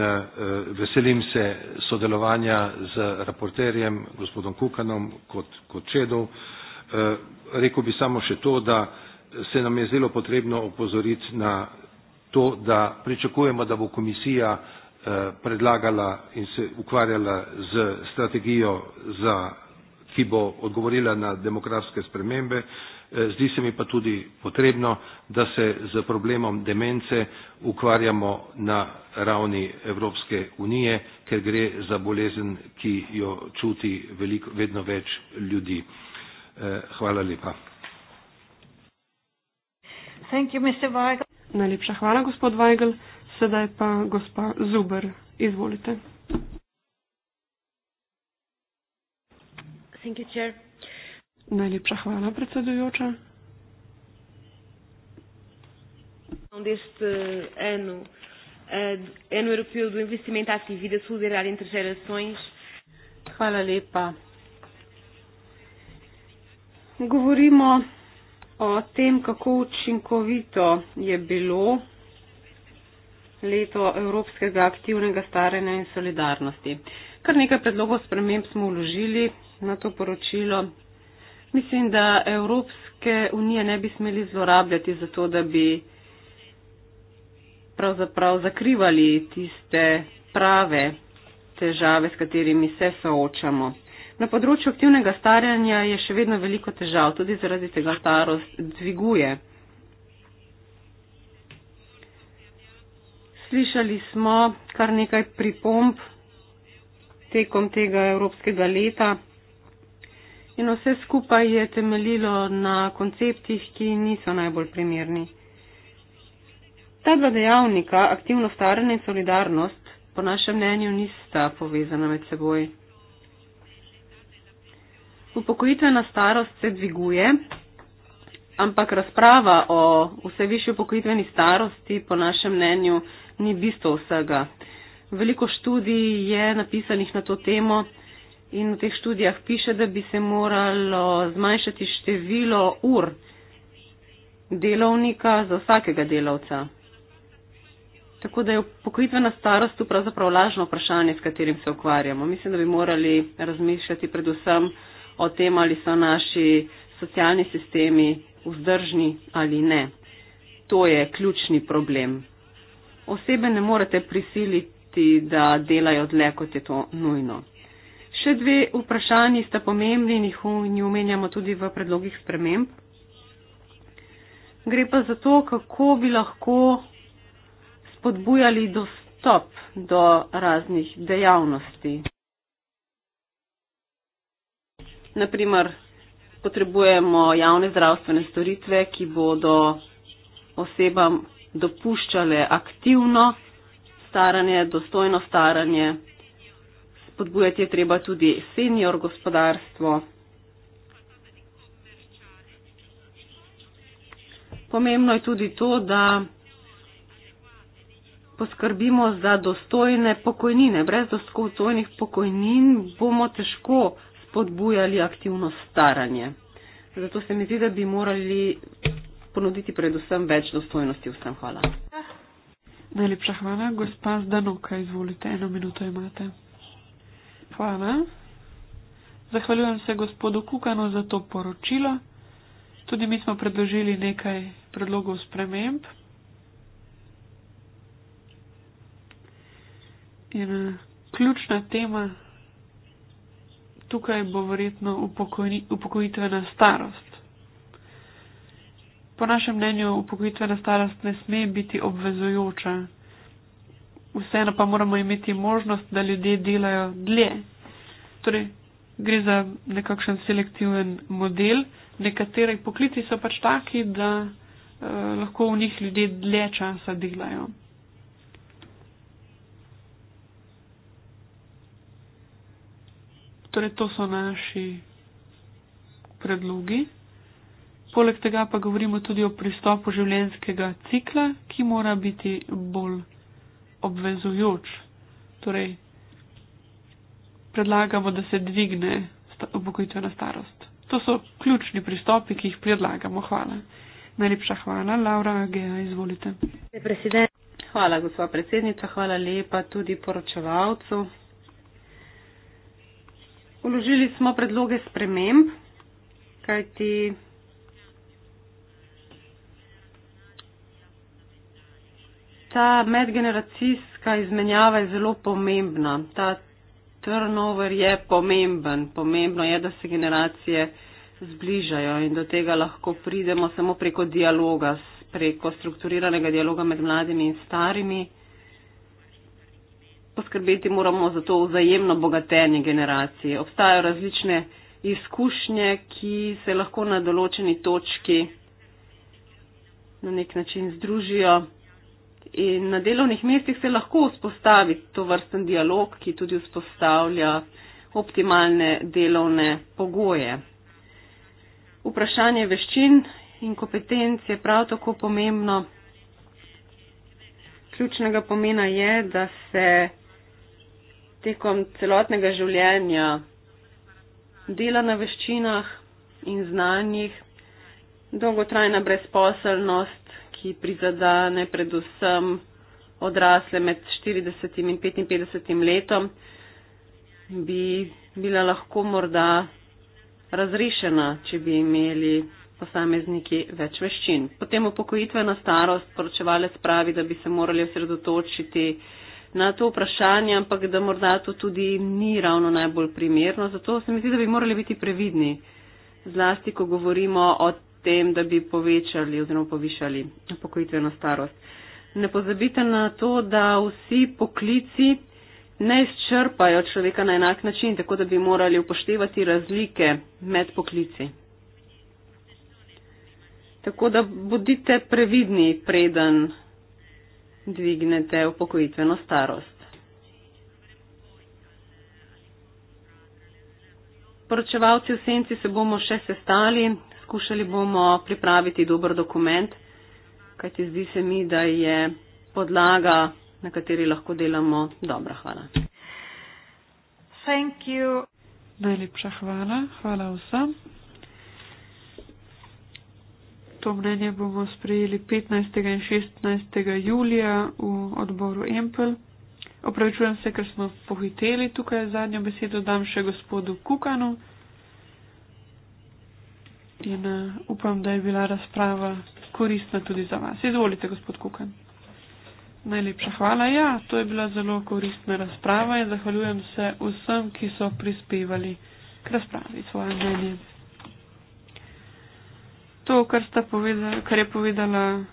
veselim se sodelovanja z raporterjem, gospodom Kukanom kot, kot čedov. Rekl bi samo še to, da se nam je zelo potrebno opozoriti na to, da pričakujemo, da bo komisija Eh, predlagala in se ukvarjala z strategijo, za, ki bo odgovorila na demografske spremembe. Eh, zdi se mi pa tudi potrebno, da se z problemom demence ukvarjamo na ravni Evropske unije, ker gre za bolezen, ki jo čuti veliko, vedno več ljudi. Eh, hvala lepa. Najlepša hvala, gospod Weigl. Sedaj pa gospa Zuber, izvolite. Najlepša hvala, predsedujoča. Deste ano, eh, ano europeu do investimento à civida solidariedade entre gerações. Hvala lepa. Govorimo o tem, kako učinkovito je bilo leto Evropskega aktivnega staranja in solidarnosti. Kar nekaj predlogov sprememb smo vložili na to poročilo. Mislim, da Evropske unije ne bi smeli zlorabljati za to, da bi pravzaprav zakrivali tiste prave težave, s katerimi se soočamo. Na področju aktivnega staranja je še vedno veliko težav, tudi zaradi tega starost dviguje. slišali smo kar nekaj pripomb tekom tega evropskega leta in vse skupaj je temeljilo na konceptih, ki niso najbolj primerni. Ta dva dejavnika, aktivno staranje in solidarnost, po našem mnenju nista povezana med seboj. Upokojitvena starost se dviguje, ampak razprava o vse višji upokojitveni starosti po našem mnenju ni bistvo vsega. Veliko študij je napisanih na to temo in v teh študijah piše, da bi se moralo zmanjšati število ur delovnika za vsakega delavca. Tako da je pokritvena starost tu pravzaprav lažno vprašanje, s katerim se ukvarjamo. Mislim, da bi morali razmišljati predvsem o tem, ali so naši socialni sistemi vzdržni ali ne. To je ključni problem osebe ne morete prisiliti, da delajo dlje, kot je to nujno. Še dve vprašanji sta pomembni in jih umenjamo tudi v predlogih sprememb. Gre pa za to, kako bi lahko spodbujali dostop do raznih dejavnosti. Naprimer, potrebujemo javne zdravstvene storitve, ki bodo osebam dopuščale aktivno staranje, dostojno staranje. Spodbujati je treba tudi senior gospodarstvo. Pomembno je tudi to, da poskrbimo za dostojne pokojnine. Brez dostojnih pokojnin bomo težko spodbujali aktivno staranje. Zato se mi zdi, da bi morali ponuditi predvsem več dostojnosti vsem. Hvala. Najlepša hvala. Gospa Zdanoka, izvolite, eno minuto imate. Hvala. Zahvaljujem se gospodu Kukanu za to poročilo. Tudi mi smo predložili nekaj predlogov sprememb. In eh, ključna tema tukaj bo verjetno upokojitvena starost po našem mnenju upokojitvena starost ne sme biti obvezujoča. Vseeno pa moramo imeti možnost, da ljudje delajo dlje. Torej, gre za nekakšen selektiven model. Nekateri poklici so pač taki, da eh, lahko v njih ljudje dlje časa delajo. Torej, to so naši predlogi. Poleg tega pa govorimo tudi o pristopu življenjskega cikla, ki mora biti bolj obvezujoč. Torej, predlagamo, da se dvigne upokojitvena starost. To so ključni pristopi, ki jih predlagamo. Hvala. Najlepša hvala. Laura Gea, izvolite. Hvala, gospod predsednica. Hvala lepa tudi poročevalcu. Uložili smo predloge sprememb, kajti ta medgeneracijska izmenjava je zelo pomembna. Ta turnover je pomemben. Pomembno je, da se generacije zbližajo in do tega lahko pridemo samo preko dialoga, preko strukturiranega dialoga med mladimi in starimi. Poskrbeti moramo za to vzajemno bogatenje generacij. Obstajajo različne izkušnje, ki se lahko na določeni točki na nek način združijo in na delovnih mestih se lahko vzpostavi to vrsten dialog, ki tudi vzpostavlja optimalne delovne pogoje. Vprašanje veščin in kompetenc je prav tako pomembno. Ključnega pomena je, da se tekom celotnega življenja dela na veščinah in znanjih, dolgotrajna brezposelnost ki prizadane predvsem odrasle med 40 in 55 letom, bi bila lahko morda razrešena, če bi imeli posamezniki več veščin. Potem upokojitvena starost, poročevalec pravi, da bi se morali osredotočiti na to vprašanje, ampak da morda to tudi ni ravno najbolj primerno. Zato se mi zdi, da bi morali biti previdni, zlasti, ko govorimo o tem, da bi povečali oziroma povišali pokojitveno starost. Ne pozabite na to, da vsi poklici ne izčrpajo človeka na enak način, tako da bi morali upoštevati razlike med poklici. Tako da bodite previdni, preden dvignete upokojitveno starost. Poročevalci v senci se bomo še sestali, skušali bomo pripraviti dober dokument, kajti zdi se mi, da je podlaga, na kateri lahko delamo, dobra. Hvala. Najlepša hvala. Hvala vsem. To mnenje bomo sprejeli 15. in 16. julija v odboru Empel. Opravičujem se, ker smo pohiteli tukaj zadnjo besedo, dam še gospodu Kukanu in eh, upam, da je bila razprava koristna tudi za vas. Izvolite, gospod Kukan. Najlepša hvala. Ja, to je bila zelo koristna razprava in zahvaljujem se vsem, ki so prispevali k razpravi svoje mnenje. To, kar, povedala, kar je povedala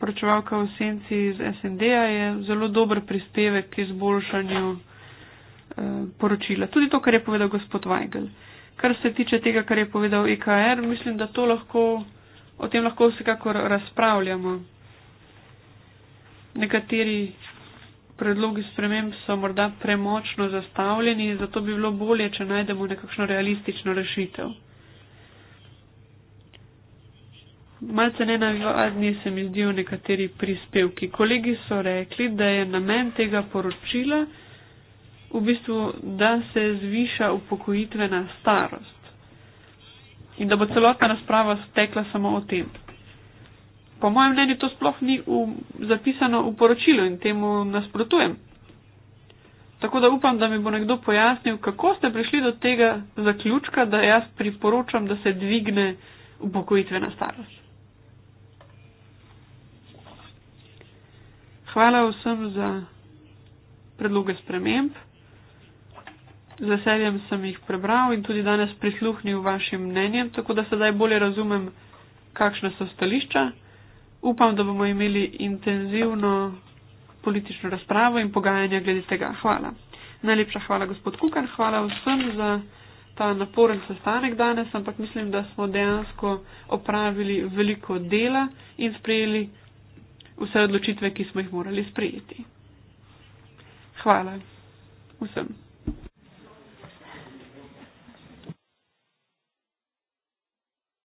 pročevalka v senci iz SND-a, je zelo dober prispevek k izboljšanju eh, poročila. Tudi to, kar je povedal gospod Weigl. Eh, Kar se tiče tega, kar je povedal IKR, mislim, da lahko, o tem lahko vsekakor razpravljamo. Nekateri predlogi sprememb so morda premočno zastavljeni, zato bi bilo bolje, če najdemo nekakšno realistično rešitev. Malce nenavadni se mi zdijo nekateri prispevki. Kolegi so rekli, da je namen tega poročila v bistvu, da se zviša upokojitvena starost in da bo celotna razprava stekla samo o tem. Po mojem mnenju to sploh ni v, zapisano v poročilu in temu nasprotujem. Tako da upam, da mi bo nekdo pojasnil, kako ste prišli do tega zaključka, da jaz priporočam, da se dvigne upokojitvena starost. Hvala vsem za predloge sprememb. Z veseljem sem jih prebral in tudi danes prisluhnil vašim mnenjem, tako da sedaj bolje razumem, kakšne so stališča. Upam, da bomo imeli intenzivno politično razpravo in pogajanja glede tega. Hvala. Najlepša hvala, gospod Kukar. Hvala vsem za ta naporen sestanek danes, ampak mislim, da smo dejansko opravili veliko dela in sprejeli vse odločitve, ki smo jih morali sprejeti. Hvala vsem.